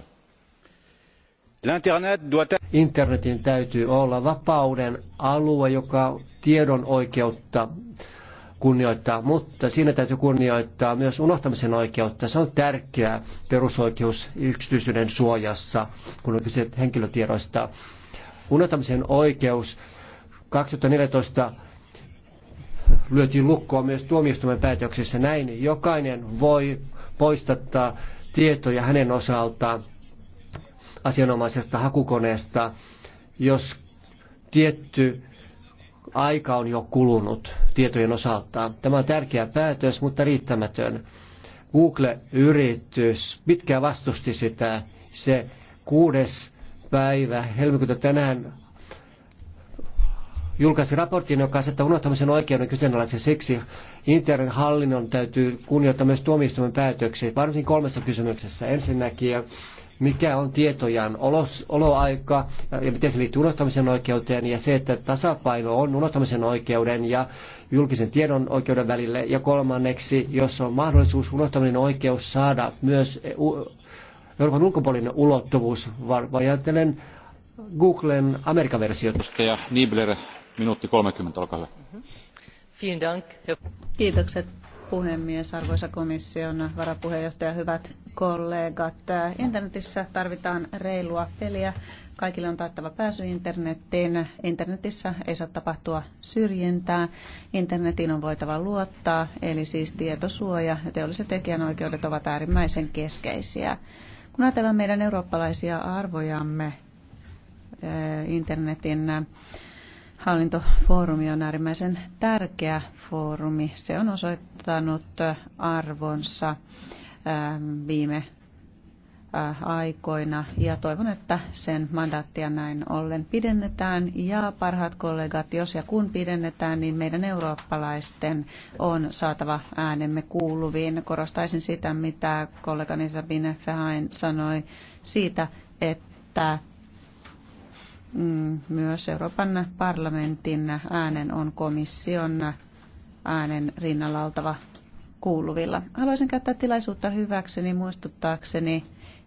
Internetin täytyy olla vapauden alue, joka tiedon oikeutta kunnioittaa, mutta siinä täytyy kunnioittaa myös unohtamisen oikeutta. Se on tärkeä perusoikeus yksityisyyden suojassa, kun on kyse henkilötiedoista. Unohtamisen oikeus 2014 lyötiin lukkoon myös tuomioistuimen päätöksessä. Näin jokainen voi poistattaa tietoja hänen osaltaan asianomaisesta hakukoneesta, jos tietty aika on jo kulunut tietojen osalta. Tämä on tärkeä päätös, mutta riittämätön. Google-yritys pitkään vastusti sitä. Se kuudes päivä helmikuuta tänään julkaisi raportin, joka asettaa unohtamisen oikeuden kyseenalaisen siksi. Internet hallinnon täytyy kunnioittaa myös tuomioistuimen päätöksiä, varsinkin kolmessa kysymyksessä. Ensinnäkin mikä on tietojan olos, oloaika ja miten se liittyy unohtamisen oikeuteen ja se, että tasapaino on unohtamisen oikeuden ja julkisen tiedon oikeuden välille. Ja kolmanneksi, jos on mahdollisuus unohtaminen oikeus saada myös e- Euroopan ulkopuolinen ulottuvuus, vajatelen Googlen Amerikan versiota. Nibler, minuutti 30, olkaa hyvä. Kiitokset puhemies, arvoisa komission varapuheenjohtaja, hyvät kollegat. Internetissä tarvitaan reilua peliä. Kaikille on taattava pääsy internettiin. Internetissä ei saa tapahtua syrjintää. Internetin on voitava luottaa, eli siis tietosuoja ja teolliset tekijänoikeudet ovat äärimmäisen keskeisiä. Kun ajatellaan meidän eurooppalaisia arvojamme eh, internetin hallintofoorumi on äärimmäisen tärkeä foorumi. Se on osoittanut arvonsa ähm, viime äh, aikoina ja toivon, että sen mandaattia näin ollen pidennetään ja parhaat kollegat, jos ja kun pidennetään, niin meidän eurooppalaisten on saatava äänemme kuuluviin. Korostaisin sitä, mitä kollegani Sabine Fehain sanoi siitä, että Mm, myös Euroopan parlamentin äänen on komission äänen rinnalla oltava kuuluvilla. Haluaisin käyttää tilaisuutta hyväkseni muistuttaakseni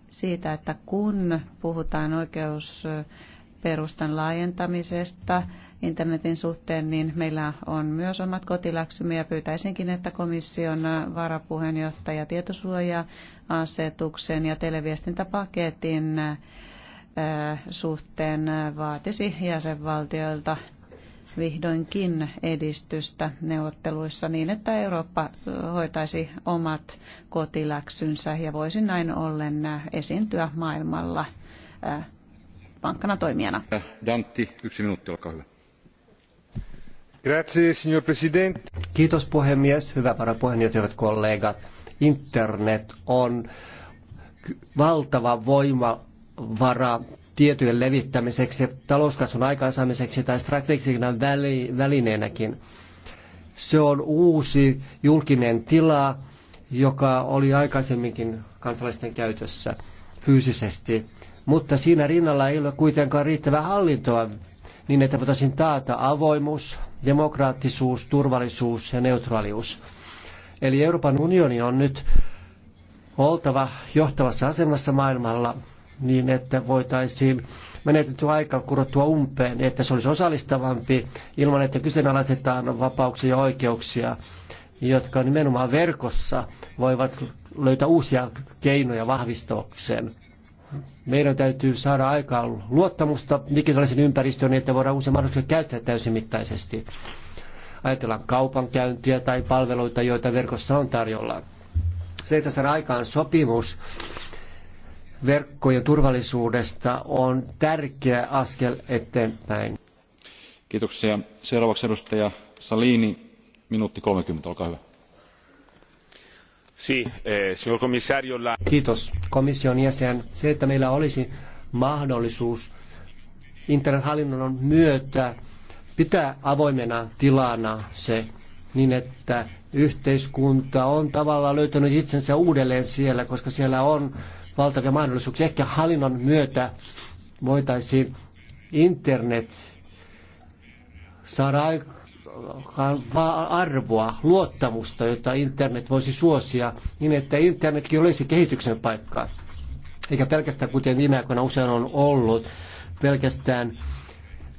siitä, että kun puhutaan oikeusperustan laajentamisesta internetin suhteen, niin meillä on myös omat kotiläksymme ja pyytäisinkin, että komission varapuheenjohtaja tietosuoja-asetuksen ja televiestintäpaketin suhteen vaatisi jäsenvaltioilta vihdoinkin edistystä neuvotteluissa niin, että Eurooppa hoitaisi omat kotiläksynsä ja voisi näin ollen esiintyä maailmalla pankkana toimijana. Dantti, yksi minuutti, olkaa hyvä. Grazie, signor Presidente. Kiitos puhemies, hyvä varapuheenjohtaja, hyvät kollegat. Internet on valtava voima vara tietyn levittämiseksi, talouskasvun aikaansaamiseksi tai strategisena väli, välineenäkin. Se on uusi julkinen tila, joka oli aikaisemminkin kansalaisten käytössä fyysisesti, mutta siinä rinnalla ei ole kuitenkaan riittävää hallintoa niin, että voitaisiin taata avoimuus, demokraattisuus, turvallisuus ja neutraalius. Eli Euroopan unioni on nyt oltava johtavassa asemassa maailmalla – niin, että voitaisiin menetetty aika kurottua umpeen, että se olisi osallistavampi ilman, että kyseenalaistetaan vapauksia ja oikeuksia, jotka nimenomaan verkossa voivat löytää uusia keinoja vahvistukseen. Meidän täytyy saada aikaan luottamusta digitaalisen ympäristöön, että voidaan uusia mahdollisuuksia käyttää täysimittaisesti. Ajatellaan kaupankäyntiä tai palveluita, joita verkossa on tarjolla. Se, että saadaan aikaan sopimus verkkojen turvallisuudesta on tärkeä askel eteenpäin. Kiitoksia. Seuraavaksi edustaja Salini, minuutti 30, olkaa hyvä. Eh, Kiitos komission jäsen. Se, että meillä olisi mahdollisuus internethallinnon myötä pitää avoimena tilana se niin, että yhteiskunta on tavallaan löytänyt itsensä uudelleen siellä, koska siellä on valtavia mahdollisuuksia. Ehkä hallinnon myötä voitaisiin internet saada aikaan arvoa, luottamusta, jota internet voisi suosia, niin että internetkin olisi kehityksen paikkaa, Eikä pelkästään, kuten viime aikoina usein on ollut, pelkästään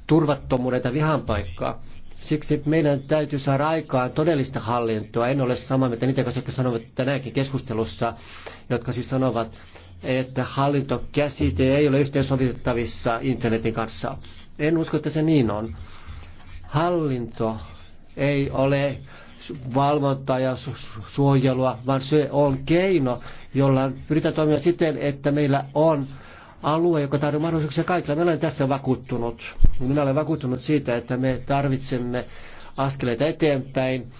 turvattomuuden tai vihan paikkaa. Siksi meidän täytyy saada aikaan todellista hallintoa. En ole samaa mieltä niitä, jotka sanovat tänäänkin keskustelussa, jotka siis sanovat, että hallintokäsite ei ole yhteensovitettavissa internetin kanssa. En usko, että se niin on. Hallinto ei ole valvontaa ja suojelua, vaan se on keino, jolla pyritään toimia siten, että meillä on alue, joka tarjoaa mahdollisuuksia kaikille. Minä olen tästä vakuuttunut. Minä olen vakuuttunut siitä, että me tarvitsemme askeleita eteenpäin.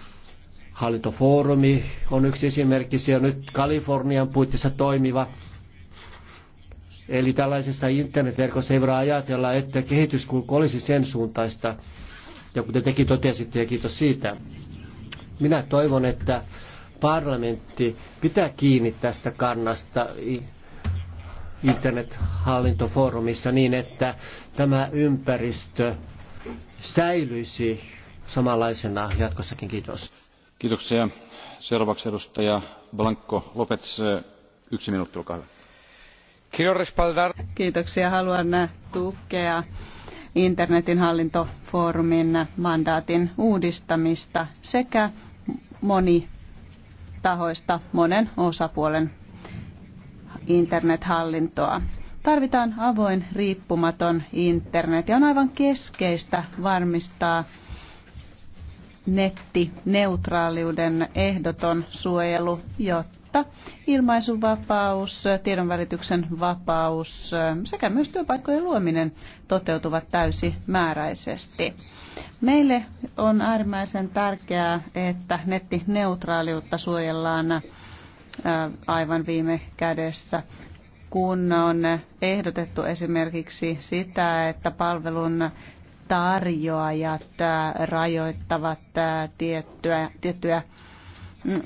Hallintofoorumi on yksi esimerkki, se on nyt Kalifornian puitteissa toimiva Eli tällaisessa internetverkossa ei voida ajatella, että kehityskulku olisi sen suuntaista. Ja kuten tekin totesitte, ja kiitos siitä. Minä toivon, että parlamentti pitää kiinni tästä kannasta internethallintofoorumissa niin, että tämä ympäristö säilyisi samanlaisena jatkossakin. Kiitos. Kiitoksia. Seuraavaksi edustaja Blanko Lopez. Yksi minuutti, olkaa hyvä Kiitoksia. Haluan tukea internetin hallintofoorumin mandaatin uudistamista sekä monitahoista monen osapuolen internethallintoa. Tarvitaan avoin, riippumaton internet ja on aivan keskeistä varmistaa nettineutraaliuden ehdoton suojelu, jotta jotta ilmaisuvapaus, tiedonvälityksen vapaus sekä myös työpaikkojen luominen toteutuvat täysimääräisesti. Meille on äärimmäisen tärkeää, että nettineutraaliutta suojellaan aivan viime kädessä kun on ehdotettu esimerkiksi sitä, että palvelun tarjoajat rajoittavat tiettyä, tiettyä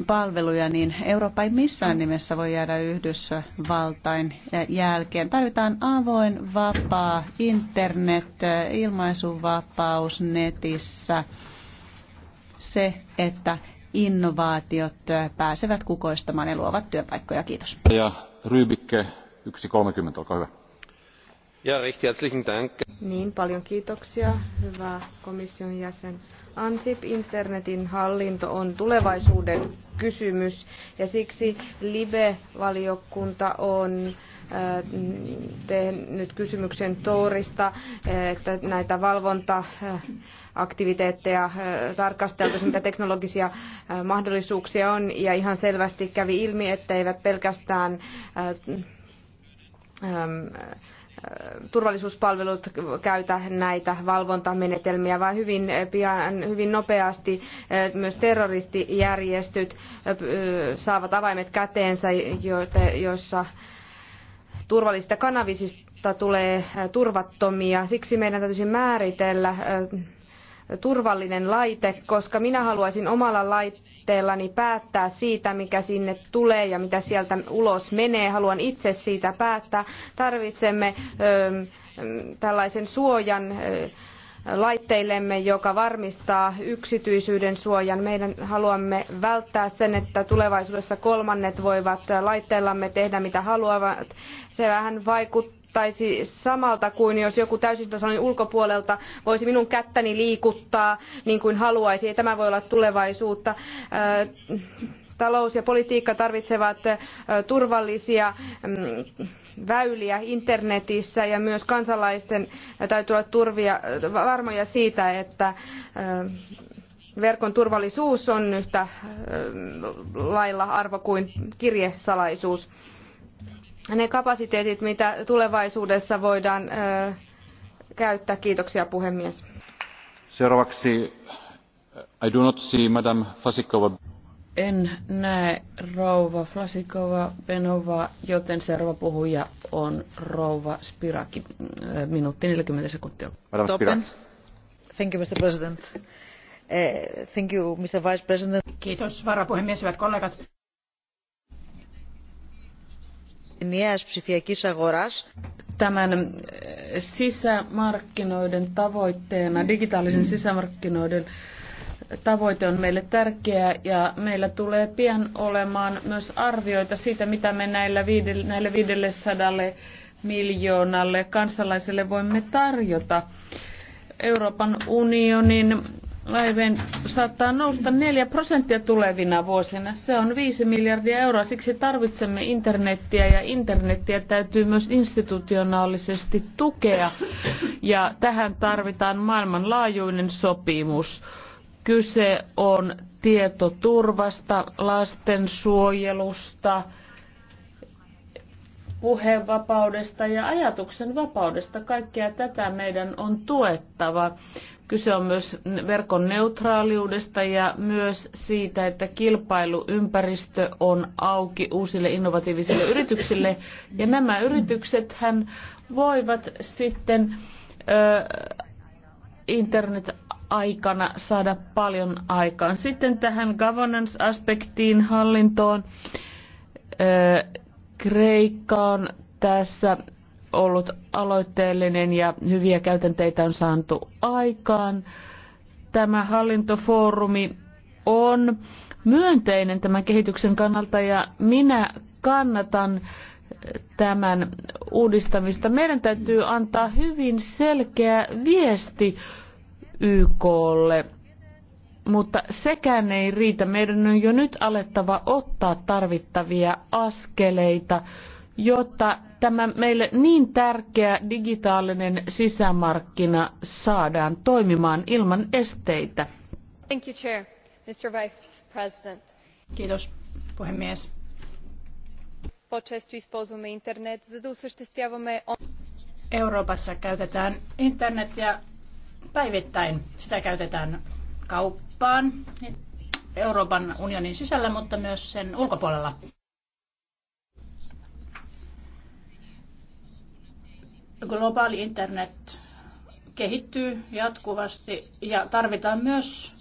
palveluja, niin Eurooppa ei missään nimessä voi jäädä Yhdysvaltain jälkeen. Tarvitaan avoin, vapaa, internet, ilmaisuvapaus netissä. Se, että innovaatiot pääsevät kukoistamaan ja luovat työpaikkoja. Kiitos. Ja Rybikke, 1.30, olkaa hyvä. Ja recht herzlichen Dank. Niin, paljon kiitoksia, hyvä komission jäsen. ANSIP, internetin hallinto, on tulevaisuuden kysymys ja siksi LIBE-valiokunta on äh, tehnyt kysymyksen Toorista, äh, että näitä valvonta-aktiviteetteja äh, tarkasteltaisiin, mitä teknologisia mahdollisuuksia on, ja ihan selvästi kävi ilmi, etteivät pelkästään ähm, turvallisuuspalvelut käytä näitä valvontamenetelmiä, vaan hyvin, pian, hyvin nopeasti eh, myös terroristijärjestöt eh, eh, saavat avaimet käteensä, joissa turvallisista kanavisista tulee turvattomia. Siksi meidän täytyisi määritellä turvallinen laite, koska minä haluaisin omalla laitteella aloitteellani päättää siitä, mikä sinne tulee ja mitä sieltä ulos menee. Haluan itse siitä päättää. Tarvitsemme tällaisen suojan laitteillemme, joka varmistaa yksityisyyden suojan. Meidän haluamme välttää sen, että tulevaisuudessa kolmannet voivat laitteillamme tehdä mitä haluavat. Se vähän vaikuttaa vaikuttaisi samalta kuin jos joku täysistuntosalin ulkopuolelta voisi minun kättäni liikuttaa niin kuin haluaisi. Ei tämä voi olla tulevaisuutta talous ja politiikka tarvitsevat turvallisia mm, väyliä internetissä ja myös kansalaisten täytyy olla turvia, varmoja siitä, että verkon turvallisuus on yhtä lailla arvo kuin kirjesalaisuus ne kapasiteetit, mitä tulevaisuudessa voidaan käyttää. Kiitoksia puhemies. Seuraavaksi I do not see Madame Fasikova. En näe rouva Flasikova penova, joten seuraava puhuja on rouva Spiraki. Minuutti 40 sekuntia. Madame Spiraki. Thank you, Mr. President. Eh, thank you, Mr. Vice President. Kiitos, varapuhemies, hyvät kollegat Tämän äh, sisämarkkinoiden tavoitteena, digitaalisen sisämarkkinoiden tavoite on meille tärkeä ja meillä tulee pian olemaan myös arvioita siitä, mitä me näillä, viidelle, näille 500 miljoonalle kansalaiselle voimme tarjota. Euroopan unionin laiveen saattaa nousta 4 prosenttia tulevina vuosina. Se on 5 miljardia euroa. Siksi tarvitsemme internettiä ja internettiä täytyy myös institutionaalisesti tukea. Ja tähän tarvitaan maailmanlaajuinen sopimus. Kyse on tietoturvasta, lastensuojelusta, puhevapaudesta ja ajatuksen vapaudesta. Kaikkea tätä meidän on tuettava. Kyse on myös verkon neutraaliudesta ja myös siitä, että kilpailuympäristö on auki uusille innovatiivisille yrityksille. Ja nämä hän voivat sitten ö, internet-aikana saada paljon aikaan. Sitten tähän governance-aspektiin, hallintoon. Ö, Kreikka on tässä ollut aloitteellinen ja hyviä käytänteitä on saatu aikaan. Tämä hallintofoorumi on myönteinen tämän kehityksen kannalta ja minä kannatan tämän uudistamista. Meidän täytyy antaa hyvin selkeä viesti YKlle, mutta sekään ei riitä. Meidän on jo nyt alettava ottaa tarvittavia askeleita jotta tämä meille niin tärkeä digitaalinen sisämarkkina saadaan toimimaan ilman esteitä. Thank you, Chair. Mr. Vice President. Kiitos, puhemies. Euroopassa käytetään internetiä päivittäin. Sitä käytetään kauppaan Euroopan unionin sisällä, mutta myös sen ulkopuolella. globaali internet kehittyy jatkuvasti ja tarvitaan myös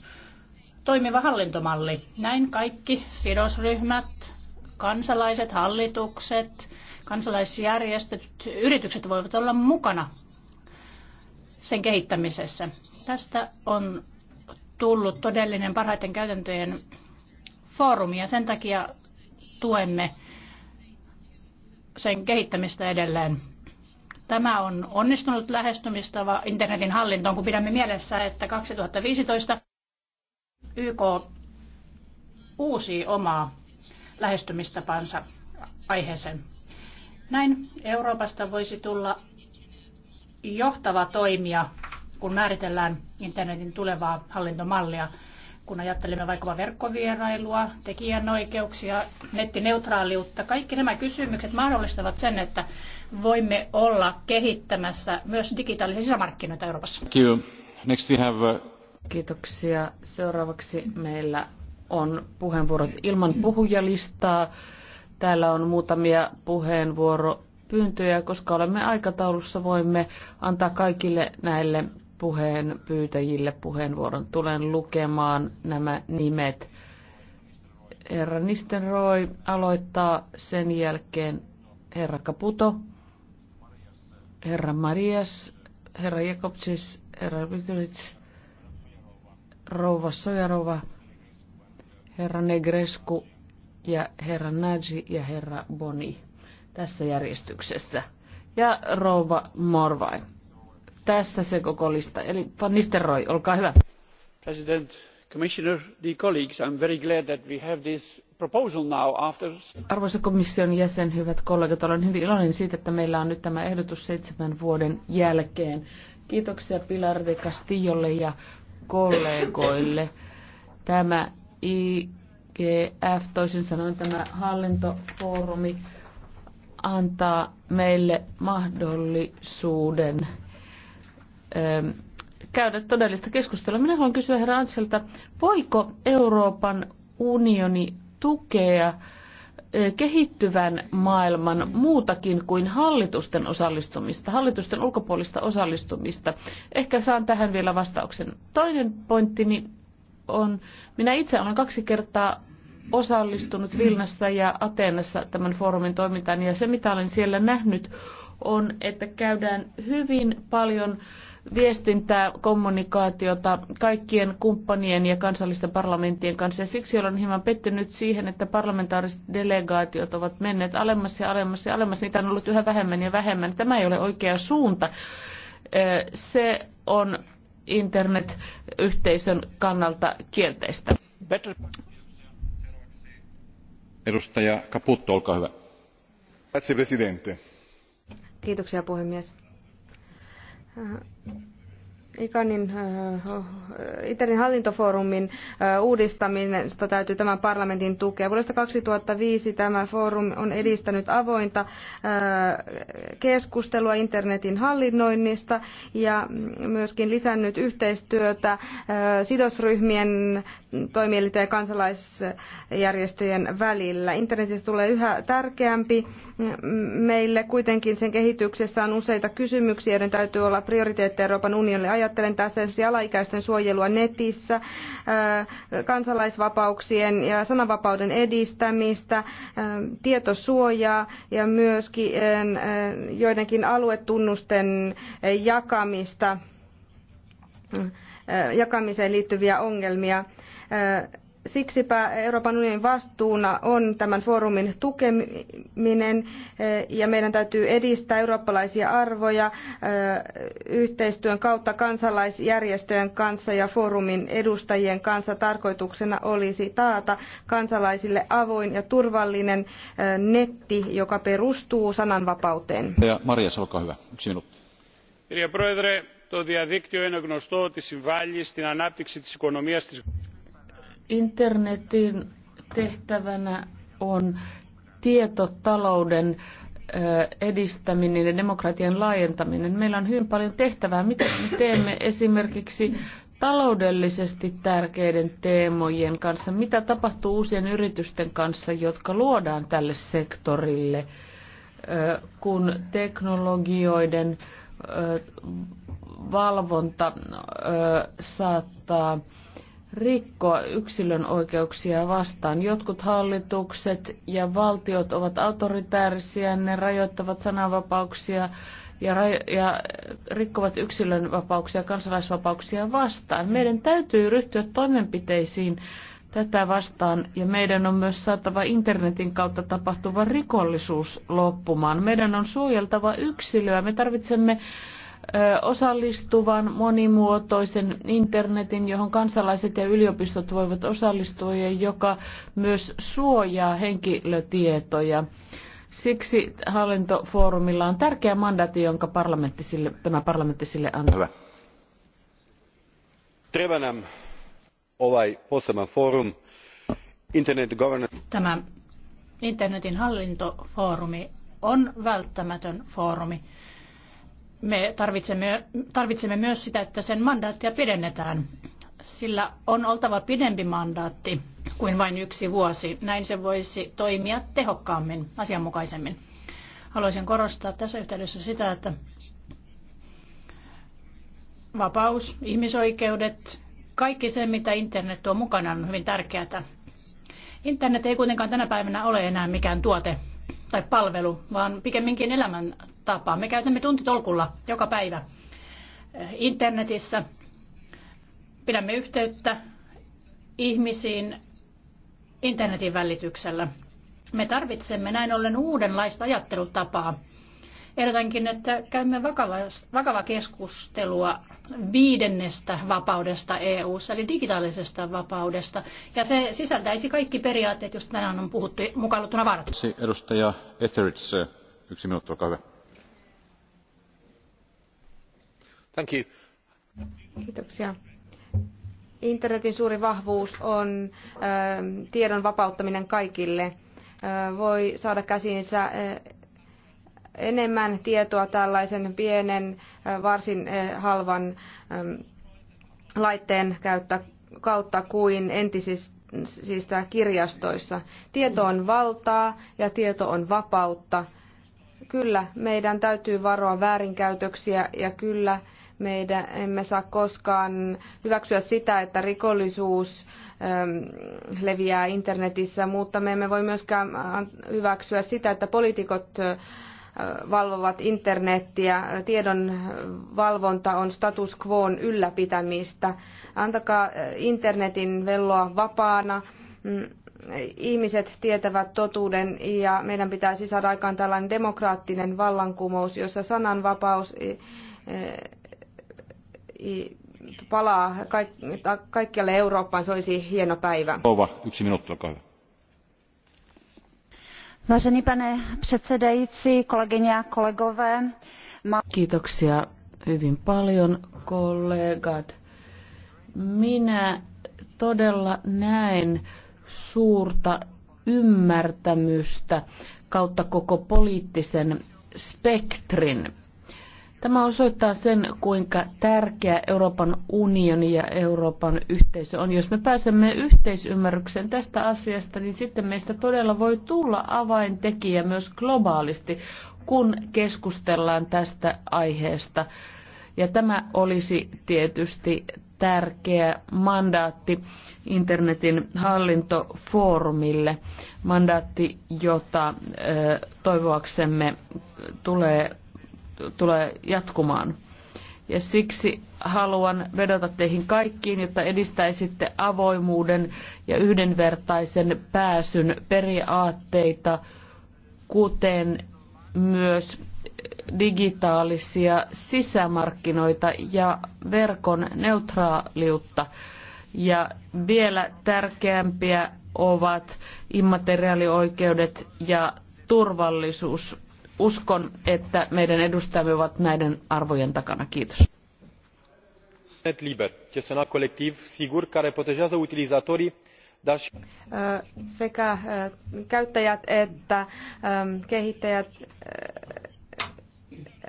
toimiva hallintomalli. Näin kaikki sidosryhmät, kansalaiset, hallitukset, kansalaisjärjestöt, yritykset voivat olla mukana sen kehittämisessä. Tästä on tullut todellinen parhaiten käytäntöjen foorumi ja sen takia tuemme sen kehittämistä edelleen. Tämä on onnistunut lähestymistava internetin hallintoon, kun pidämme mielessä, että 2015 YK uusi omaa lähestymistapansa aiheeseen. Näin Euroopasta voisi tulla johtava toimija, kun määritellään internetin tulevaa hallintomallia, kun ajattelemme vaikkapa verkkovierailua, tekijänoikeuksia, nettineutraaliutta. Kaikki nämä kysymykset mahdollistavat sen, että voimme olla kehittämässä myös digitaalisia sisämarkkinoita Euroopassa. Thank you. Next we have... Uh, Kiitoksia. Seuraavaksi meillä on puheenvuorot ilman puhujalistaa. Täällä on muutamia puheenvuoropyyntöjä, koska olemme aikataulussa, voimme antaa kaikille näille puheen puheenvuoron. Tulen lukemaan nämä nimet. Herra Nistenroy aloittaa sen jälkeen herra Kaputo herra Marias, herra Jakobsis, herra Vitulits, rouva Sojarova, herra Negresku ja herra Naji ja herra Boni tässä järjestyksessä. Ja rouva Morvai. Tässä se koko lista. Eli Van Nistelrooy, olkaa hyvä. President, Commissioner, dear colleagues, I'm very glad that we have this Arvoisa komission jäsen, hyvät kollegat, olen hyvin iloinen siitä, että meillä on nyt tämä ehdotus seitsemän vuoden jälkeen. Kiitoksia Pilar de Castillolle ja kollegoille. Tämä IGF, toisin sanoen tämä hallintofoorumi, antaa meille mahdollisuuden ähm, käydä todellista keskustelua. Minä haluan kysyä herra Anselta, voiko Euroopan unioni tukea kehittyvän maailman muutakin kuin hallitusten osallistumista, hallitusten ulkopuolista osallistumista. Ehkä saan tähän vielä vastauksen. Toinen pointti on, minä itse olen kaksi kertaa osallistunut Vilnassa ja Ateenassa tämän foorumin toimintaan ja se mitä olen siellä nähnyt on, että käydään hyvin paljon viestintää, kommunikaatiota kaikkien kumppanien ja kansallisten parlamenttien kanssa. Ja siksi olen hieman pettynyt siihen, että parlamentaariset delegaatiot ovat menneet alemmas ja alemmas ja alemmas. Niitä on ollut yhä vähemmän ja vähemmän. Tämä ei ole oikea suunta. Se on internet-yhteisön kannalta kielteistä. Edustaja Caputo, olkaa hyvä. Kiitoksia puhemies Ajá. Ikanin, äh, äh, Itärin hallintofoorumin äh, uudistamista täytyy tämän parlamentin tukea. Vuodesta 2005 tämä foorumi on edistänyt avointa keskustelua internetin hallinnoinnista ja myöskin lisännyt yhteistyötä sidosryhmien, toimielinten ja kansalaisjärjestöjen välillä. Internetistä tulee yhä tärkeämpi. Meille kuitenkin sen kehityksessä on useita kysymyksiä, joiden täytyy olla prioriteetteja Euroopan unionille Ajattelen tässä esimerkiksi alaikäisten suojelua netissä, kansalaisvapauksien ja sananvapauden edistämistä, tietosuojaa ja myöskin joidenkin aluetunnusten jakamista, jakamiseen liittyviä ongelmia Siksipä Euroopan unionin vastuuna on tämän foorumin tukeminen eh, ja meidän täytyy edistää eurooppalaisia arvoja eh, yhteistyön kautta kansalaisjärjestöjen kanssa ja foorumin edustajien kanssa. Tarkoituksena olisi taata kansalaisille avoin ja turvallinen eh, netti, joka perustuu sananvapauteen. Ja Maria, olkaa hyvä. Yksi minuutti. το διαδίκτυο είναι γνωστό ότι συμβάλλει στην ανάπτυξη της οικονομίας της Internetin tehtävänä on tietotalouden edistäminen ja demokratian laajentaminen. Meillä on hyvin paljon tehtävää, mitä me teemme esimerkiksi taloudellisesti tärkeiden teemojen kanssa. Mitä tapahtuu uusien yritysten kanssa, jotka luodaan tälle sektorille, kun teknologioiden valvonta saattaa rikkoa yksilön oikeuksia vastaan. Jotkut hallitukset ja valtiot ovat autoritäärisiä, ne rajoittavat sananvapauksia ja, ja rikkovat yksilön vapauksia ja kansalaisvapauksia vastaan. Meidän täytyy ryhtyä toimenpiteisiin tätä vastaan ja meidän on myös saatava internetin kautta tapahtuva rikollisuus loppumaan. Meidän on suojeltava yksilöä. Me tarvitsemme osallistuvan monimuotoisen internetin, johon kansalaiset ja yliopistot voivat osallistua ja joka myös suojaa henkilötietoja. Siksi hallintofoorumilla on tärkeä mandaatti, jonka parlamentti sille, tämä parlamentti sille antaa. Hyvä. Treba nam ovaj poseban forum Internet Governance. Tämä internetin hallintofoorumi on välttämätön foorumi. Me tarvitsemme, tarvitsemme myös sitä, että sen mandaattia pidennetään. Sillä on oltava pidempi mandaatti kuin vain yksi vuosi. Näin se voisi toimia tehokkaammin, asianmukaisemmin. Haluaisin korostaa tässä yhteydessä sitä, että vapaus, ihmisoikeudet, kaikki se, mitä internet tuo mukana, on hyvin tärkeää. Internet ei kuitenkaan tänä päivänä ole enää mikään tuote tai palvelu, vaan pikemminkin elämän tapaa. Me käytämme tuntitolkulla joka päivä eh, internetissä. Pidämme yhteyttä ihmisiin internetin välityksellä. Me tarvitsemme näin ollen uudenlaista ajattelutapaa. Ehdotankin, että käymme vakava keskustelua viidennestä vapaudesta eu eli digitaalisesta vapaudesta. Ja se sisältäisi kaikki periaatteet, joista tänään on puhuttu, mukaan luettuna Edustaja Etheridge, yksi minuutti, olkaa hyvä Kiitoksia. Internetin suuri vahvuus on ähm, tiedon vapauttaminen kaikille. Äh, voi saada käsiinsä äh, enemmän tietoa tällaisen pienen, äh, varsin halvan ähm, laitteen käyttä, kautta kuin entisistä kirjastoissa. Tieto on valtaa ja tieto on vapautta. Kyllä, meidän täytyy varoa väärinkäytöksiä ja kyllä meidän emme saa koskaan hyväksyä sitä, että rikollisuus ähm, leviää internetissä, mutta me emme voi myöskään äh, hyväksyä sitä, että poliitikot äh, valvovat internettiä. Tiedon valvonta on status quo'n ylläpitämistä. Antakaa äh, internetin velloa vapaana. Mm, ihmiset tietävät totuuden ja meidän pitäisi saada aikaan tällainen demokraattinen vallankumous, jossa sananvapaus palaa kaikkialle Eurooppaan, se olisi hieno päivä. Ova, yksi minuutti, olkaa hyvä. Vážený pane předsedající, kolegyně a kolegové. Kiitoksia hyvin paljon, kollegat. Minä todella näen suurta ymmärtämystä kautta koko poliittisen spektrin Tämä osoittaa sen, kuinka tärkeä Euroopan unioni ja Euroopan yhteisö on. Jos me pääsemme yhteisymmärrykseen tästä asiasta, niin sitten meistä todella voi tulla avaintekijä myös globaalisti, kun keskustellaan tästä aiheesta. Ja tämä olisi tietysti tärkeä mandaatti internetin hallintofoorumille, mandaatti, jota toivoaksemme tulee tulee jatkumaan. Ja siksi haluan vedota teihin kaikkiin, jotta edistäisitte avoimuuden ja yhdenvertaisen pääsyn periaatteita, kuten myös digitaalisia sisämarkkinoita ja verkon neutraaliutta. Ja vielä tärkeämpiä ovat immateriaalioikeudet ja turvallisuus uskon, että meidän edustajamme ovat näiden arvojen takana. Kiitos. sekä käyttäjät että kehittäjät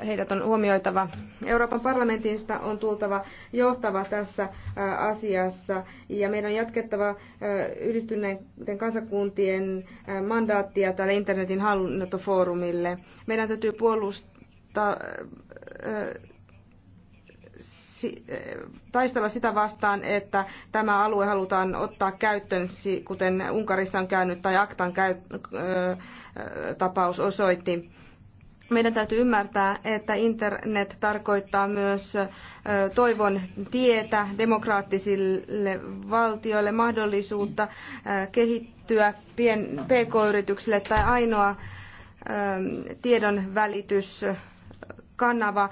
heidät on huomioitava. Euroopan parlamentista on tultava johtava tässä asiassa ja meidän on jatkettava yhdistyneiden kansakuntien mandaattia tälle internetin hallintofoorumille. Meidän täytyy puolustaa taistella sitä vastaan, että tämä alue halutaan ottaa käyttöön, kuten Unkarissa on käynyt tai Aktan käy, tapaus osoitti meidän täytyy ymmärtää, että internet tarkoittaa myös toivon tietä demokraattisille valtioille, mahdollisuutta kehittyä pien, pk-yrityksille tai ainoa tiedon välitys kanava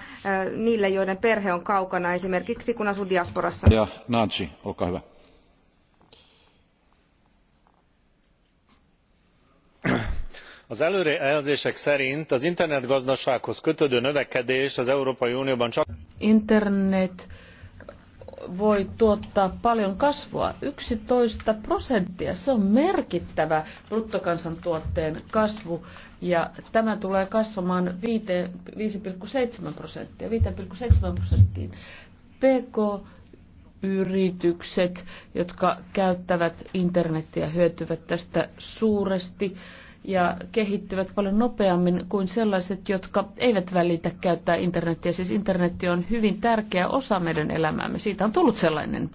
niille, joiden perhe on kaukana, esimerkiksi kun asuu diasporassa. Ja Nancy, olkaa hyvä az előrejelzések szerint az internetgazdasághoz kötődő növekedés az európai unióban csak. internet voi tuottaa paljon kasvua, 11 prosenttia. Se on merkittävä bruttokansantuotteen kasvu ja tämä tulee kasvamaan 5,7 prosenttia, 5,7 prosenttiin. PK yritykset, jotka käyttävät internetiä, hyötyvät tästä suuresti ja kehittyvät paljon nopeammin kuin sellaiset, jotka eivät välitä käyttää internetiä. Siis internetti on hyvin tärkeä osa meidän elämäämme. Siitä on tullut sellainen.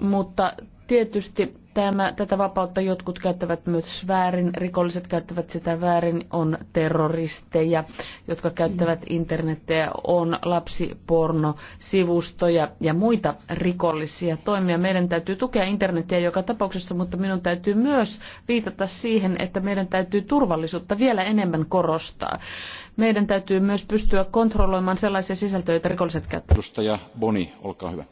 Mutta Tietysti tämä, tätä vapautta jotkut käyttävät myös väärin, rikolliset käyttävät sitä väärin, on terroristeja, jotka käyttävät internettejä, on lapsipornosivustoja ja muita rikollisia toimia. Meidän täytyy tukea internetiä joka tapauksessa, mutta minun täytyy myös viitata siihen, että meidän täytyy turvallisuutta vielä enemmän korostaa. Meidän täytyy myös pystyä kontrolloimaan sellaisia sisältöjä, joita rikolliset käyttävät. Edustaja Boni, olkaa hyvä.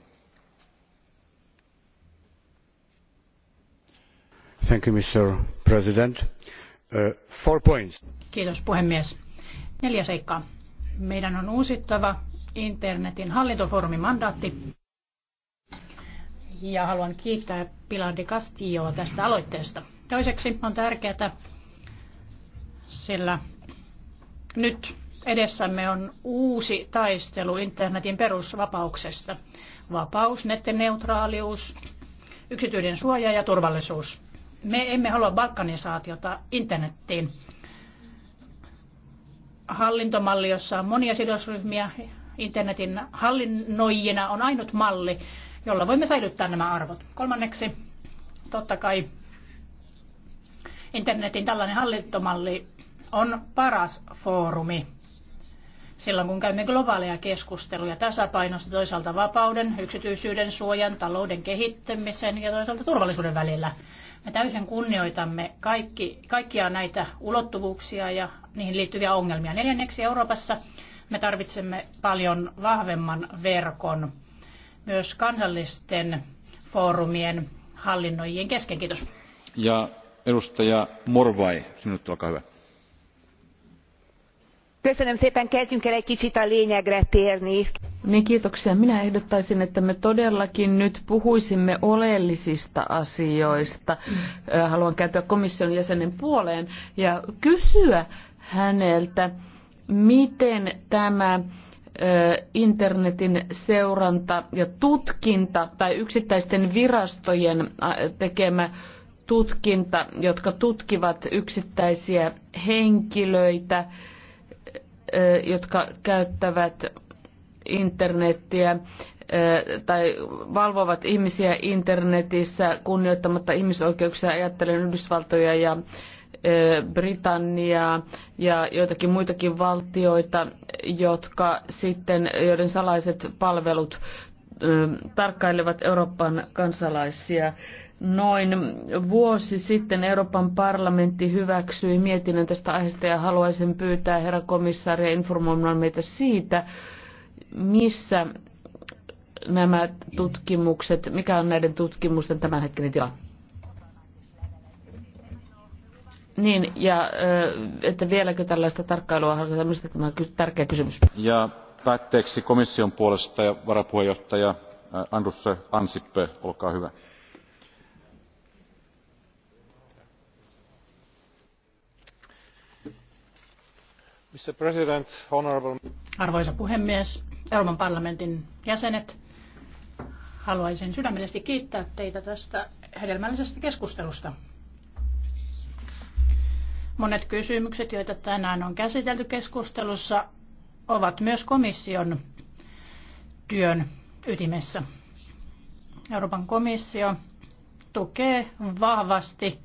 arvoisa uh, Kiitos puhemies. Neljä seikkaa. Meidän on uusittava internetin hallintofoorumin mandaatti. Ja haluan kiittää Pilar de Castilloa tästä aloitteesta. Toiseksi on tärkeää, sillä nyt edessämme on uusi taistelu internetin perusvapauksesta. Vapaus, nettineutraalius, yksityinen suoja ja turvallisuus. Me emme halua balkanisaatiota internettiin. Hallintomalli, jossa on monia sidosryhmiä internetin hallinnoijina, on ainut malli, jolla voimme säilyttää nämä arvot. Kolmanneksi, totta kai internetin tällainen hallintomalli on paras foorumi silloin, kun käymme globaaleja keskusteluja tasapainosta toisaalta vapauden, yksityisyyden suojan, talouden kehittämisen ja toisaalta turvallisuuden välillä. Me täysin kunnioitamme kaikki, kaikkia näitä ulottuvuuksia ja niihin liittyviä ongelmia. Neljänneksi Euroopassa me tarvitsemme paljon vahvemman verkon myös kansallisten foorumien hallinnoijien kesken. Kiitos. Ja edustaja Morvai, sinut olkaa hyvä kezdjünk el egy kicsit a lényegre térni. Niin kiitoksia. Minä ehdottaisin, että me todellakin nyt puhuisimme oleellisista asioista. Haluan kääntyä komission jäsenen puoleen ja kysyä häneltä, miten tämä internetin seuranta ja tutkinta tai yksittäisten virastojen tekemä tutkinta, jotka tutkivat yksittäisiä henkilöitä, jotka käyttävät internettiä tai valvovat ihmisiä internetissä kunnioittamatta ihmisoikeuksia, ajattelen Yhdysvaltoja ja Britanniaa ja joitakin muitakin valtioita, jotka sitten, joiden salaiset palvelut tarkkailevat Euroopan kansalaisia. Noin vuosi sitten Euroopan parlamentti hyväksyi mietinnön tästä aiheesta ja haluaisin pyytää herra komissaaria informoimaan meitä siitä, missä nämä tutkimukset, mikä on näiden tutkimusten tämänhetkinen tila? Niin, ja että vieläkö tällaista tarkkailua harkitaan, mistä tämä on tärkeä kysymys? Ja päätteeksi komission puolesta ja varapuheenjohtaja Andrus Ansippe olkaa hyvä. Arvoisa puhemies, Euroopan parlamentin jäsenet, haluaisin sydämellisesti kiittää teitä tästä hedelmällisestä keskustelusta. Monet kysymykset, joita tänään on käsitelty keskustelussa, ovat myös komission työn ytimessä. Euroopan komissio tukee vahvasti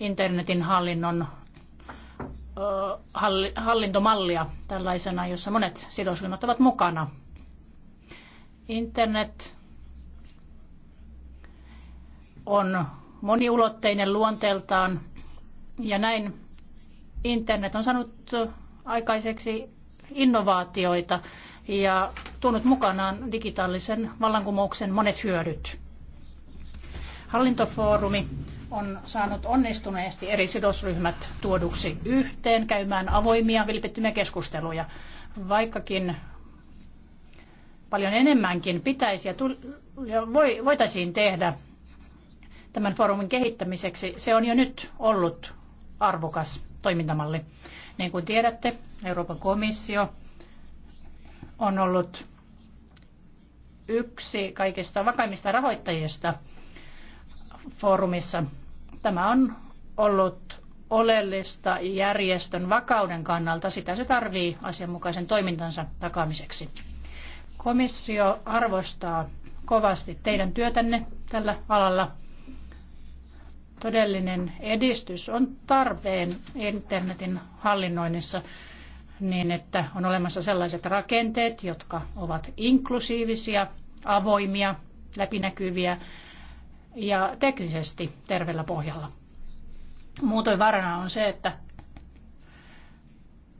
internetin hallinnon hallintomallia tällaisena, jossa monet sidosryhmät ovat mukana. Internet on moniulotteinen luonteeltaan ja näin internet on saanut aikaiseksi innovaatioita ja tuonut mukanaan digitaalisen vallankumouksen monet hyödyt. Hallintofoorumi on saanut onnistuneesti eri sidosryhmät tuoduksi yhteen käymään avoimia vilpittömiä keskusteluja, vaikkakin paljon enemmänkin pitäisi ja, ja voi, voitaisiin tehdä tämän foorumin kehittämiseksi. Se on jo nyt ollut arvokas toimintamalli. Niin kuin tiedätte, Euroopan komissio on ollut yksi kaikista vakaimmista rahoittajista – foorumissa. Tämä on ollut oleellista järjestön vakauden kannalta. Sitä se tarvii asianmukaisen toimintansa takaamiseksi. Komissio arvostaa kovasti teidän työtänne tällä alalla. Todellinen edistys on tarpeen internetin hallinnoinnissa niin, että on olemassa sellaiset rakenteet, jotka ovat inklusiivisia, avoimia, läpinäkyviä ja teknisesti terveellä pohjalla. Muutoin varana on se, että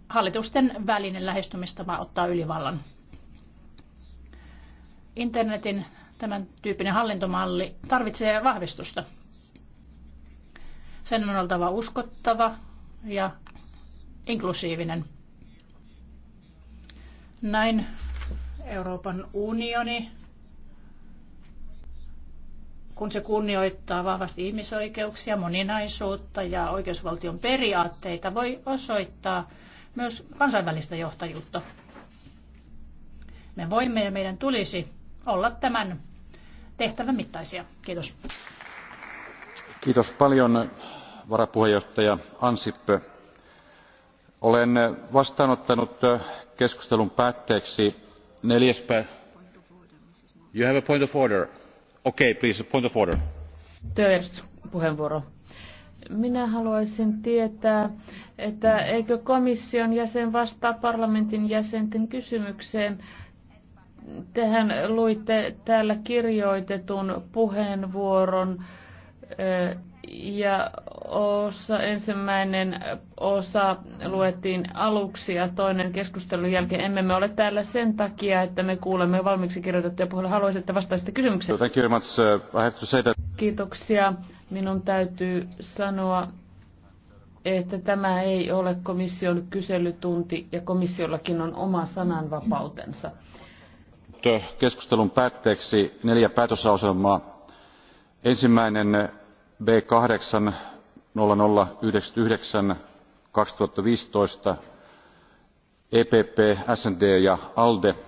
hallitusten välinen lähestymistapa ottaa ylivallan. Internetin tämän tyyppinen hallintomalli tarvitsee vahvistusta. Sen on oltava uskottava ja inklusiivinen. Näin Euroopan unioni kun se kunnioittaa vahvasti ihmisoikeuksia, moninaisuutta ja oikeusvaltion periaatteita, voi osoittaa myös kansainvälistä johtajuutta. Me voimme ja meidän tulisi olla tämän tehtävän mittaisia. Kiitos. Kiitos paljon varapuheenjohtaja Ansippö. Olen vastaanottanut keskustelun päätteeksi neljäspä... You have a point of order. Okei, Minä haluaisin tietää, että eikö komission jäsen vastaa parlamentin jäsenten kysymykseen. Tehän luitte täällä kirjoitetun puheenvuoron ja osa, ensimmäinen osa luettiin aluksi ja toinen keskustelun jälkeen. Emme me ole täällä sen takia, että me kuulemme valmiiksi kirjoitettuja puheluja. Haluaisin, että vastaisitte kysymykseen. Thank you very much. Uh, I have to say that... Kiitoksia. Minun täytyy sanoa, että tämä ei ole komission kyselytunti ja komissiollakin on oma sananvapautensa. Keskustelun päätteeksi neljä päätösauselmaa. Ensimmäinen b kahdeksan nolla yhdeksänkymmentäyhdeksän kaksituhatta viisitoista epp sd ja alde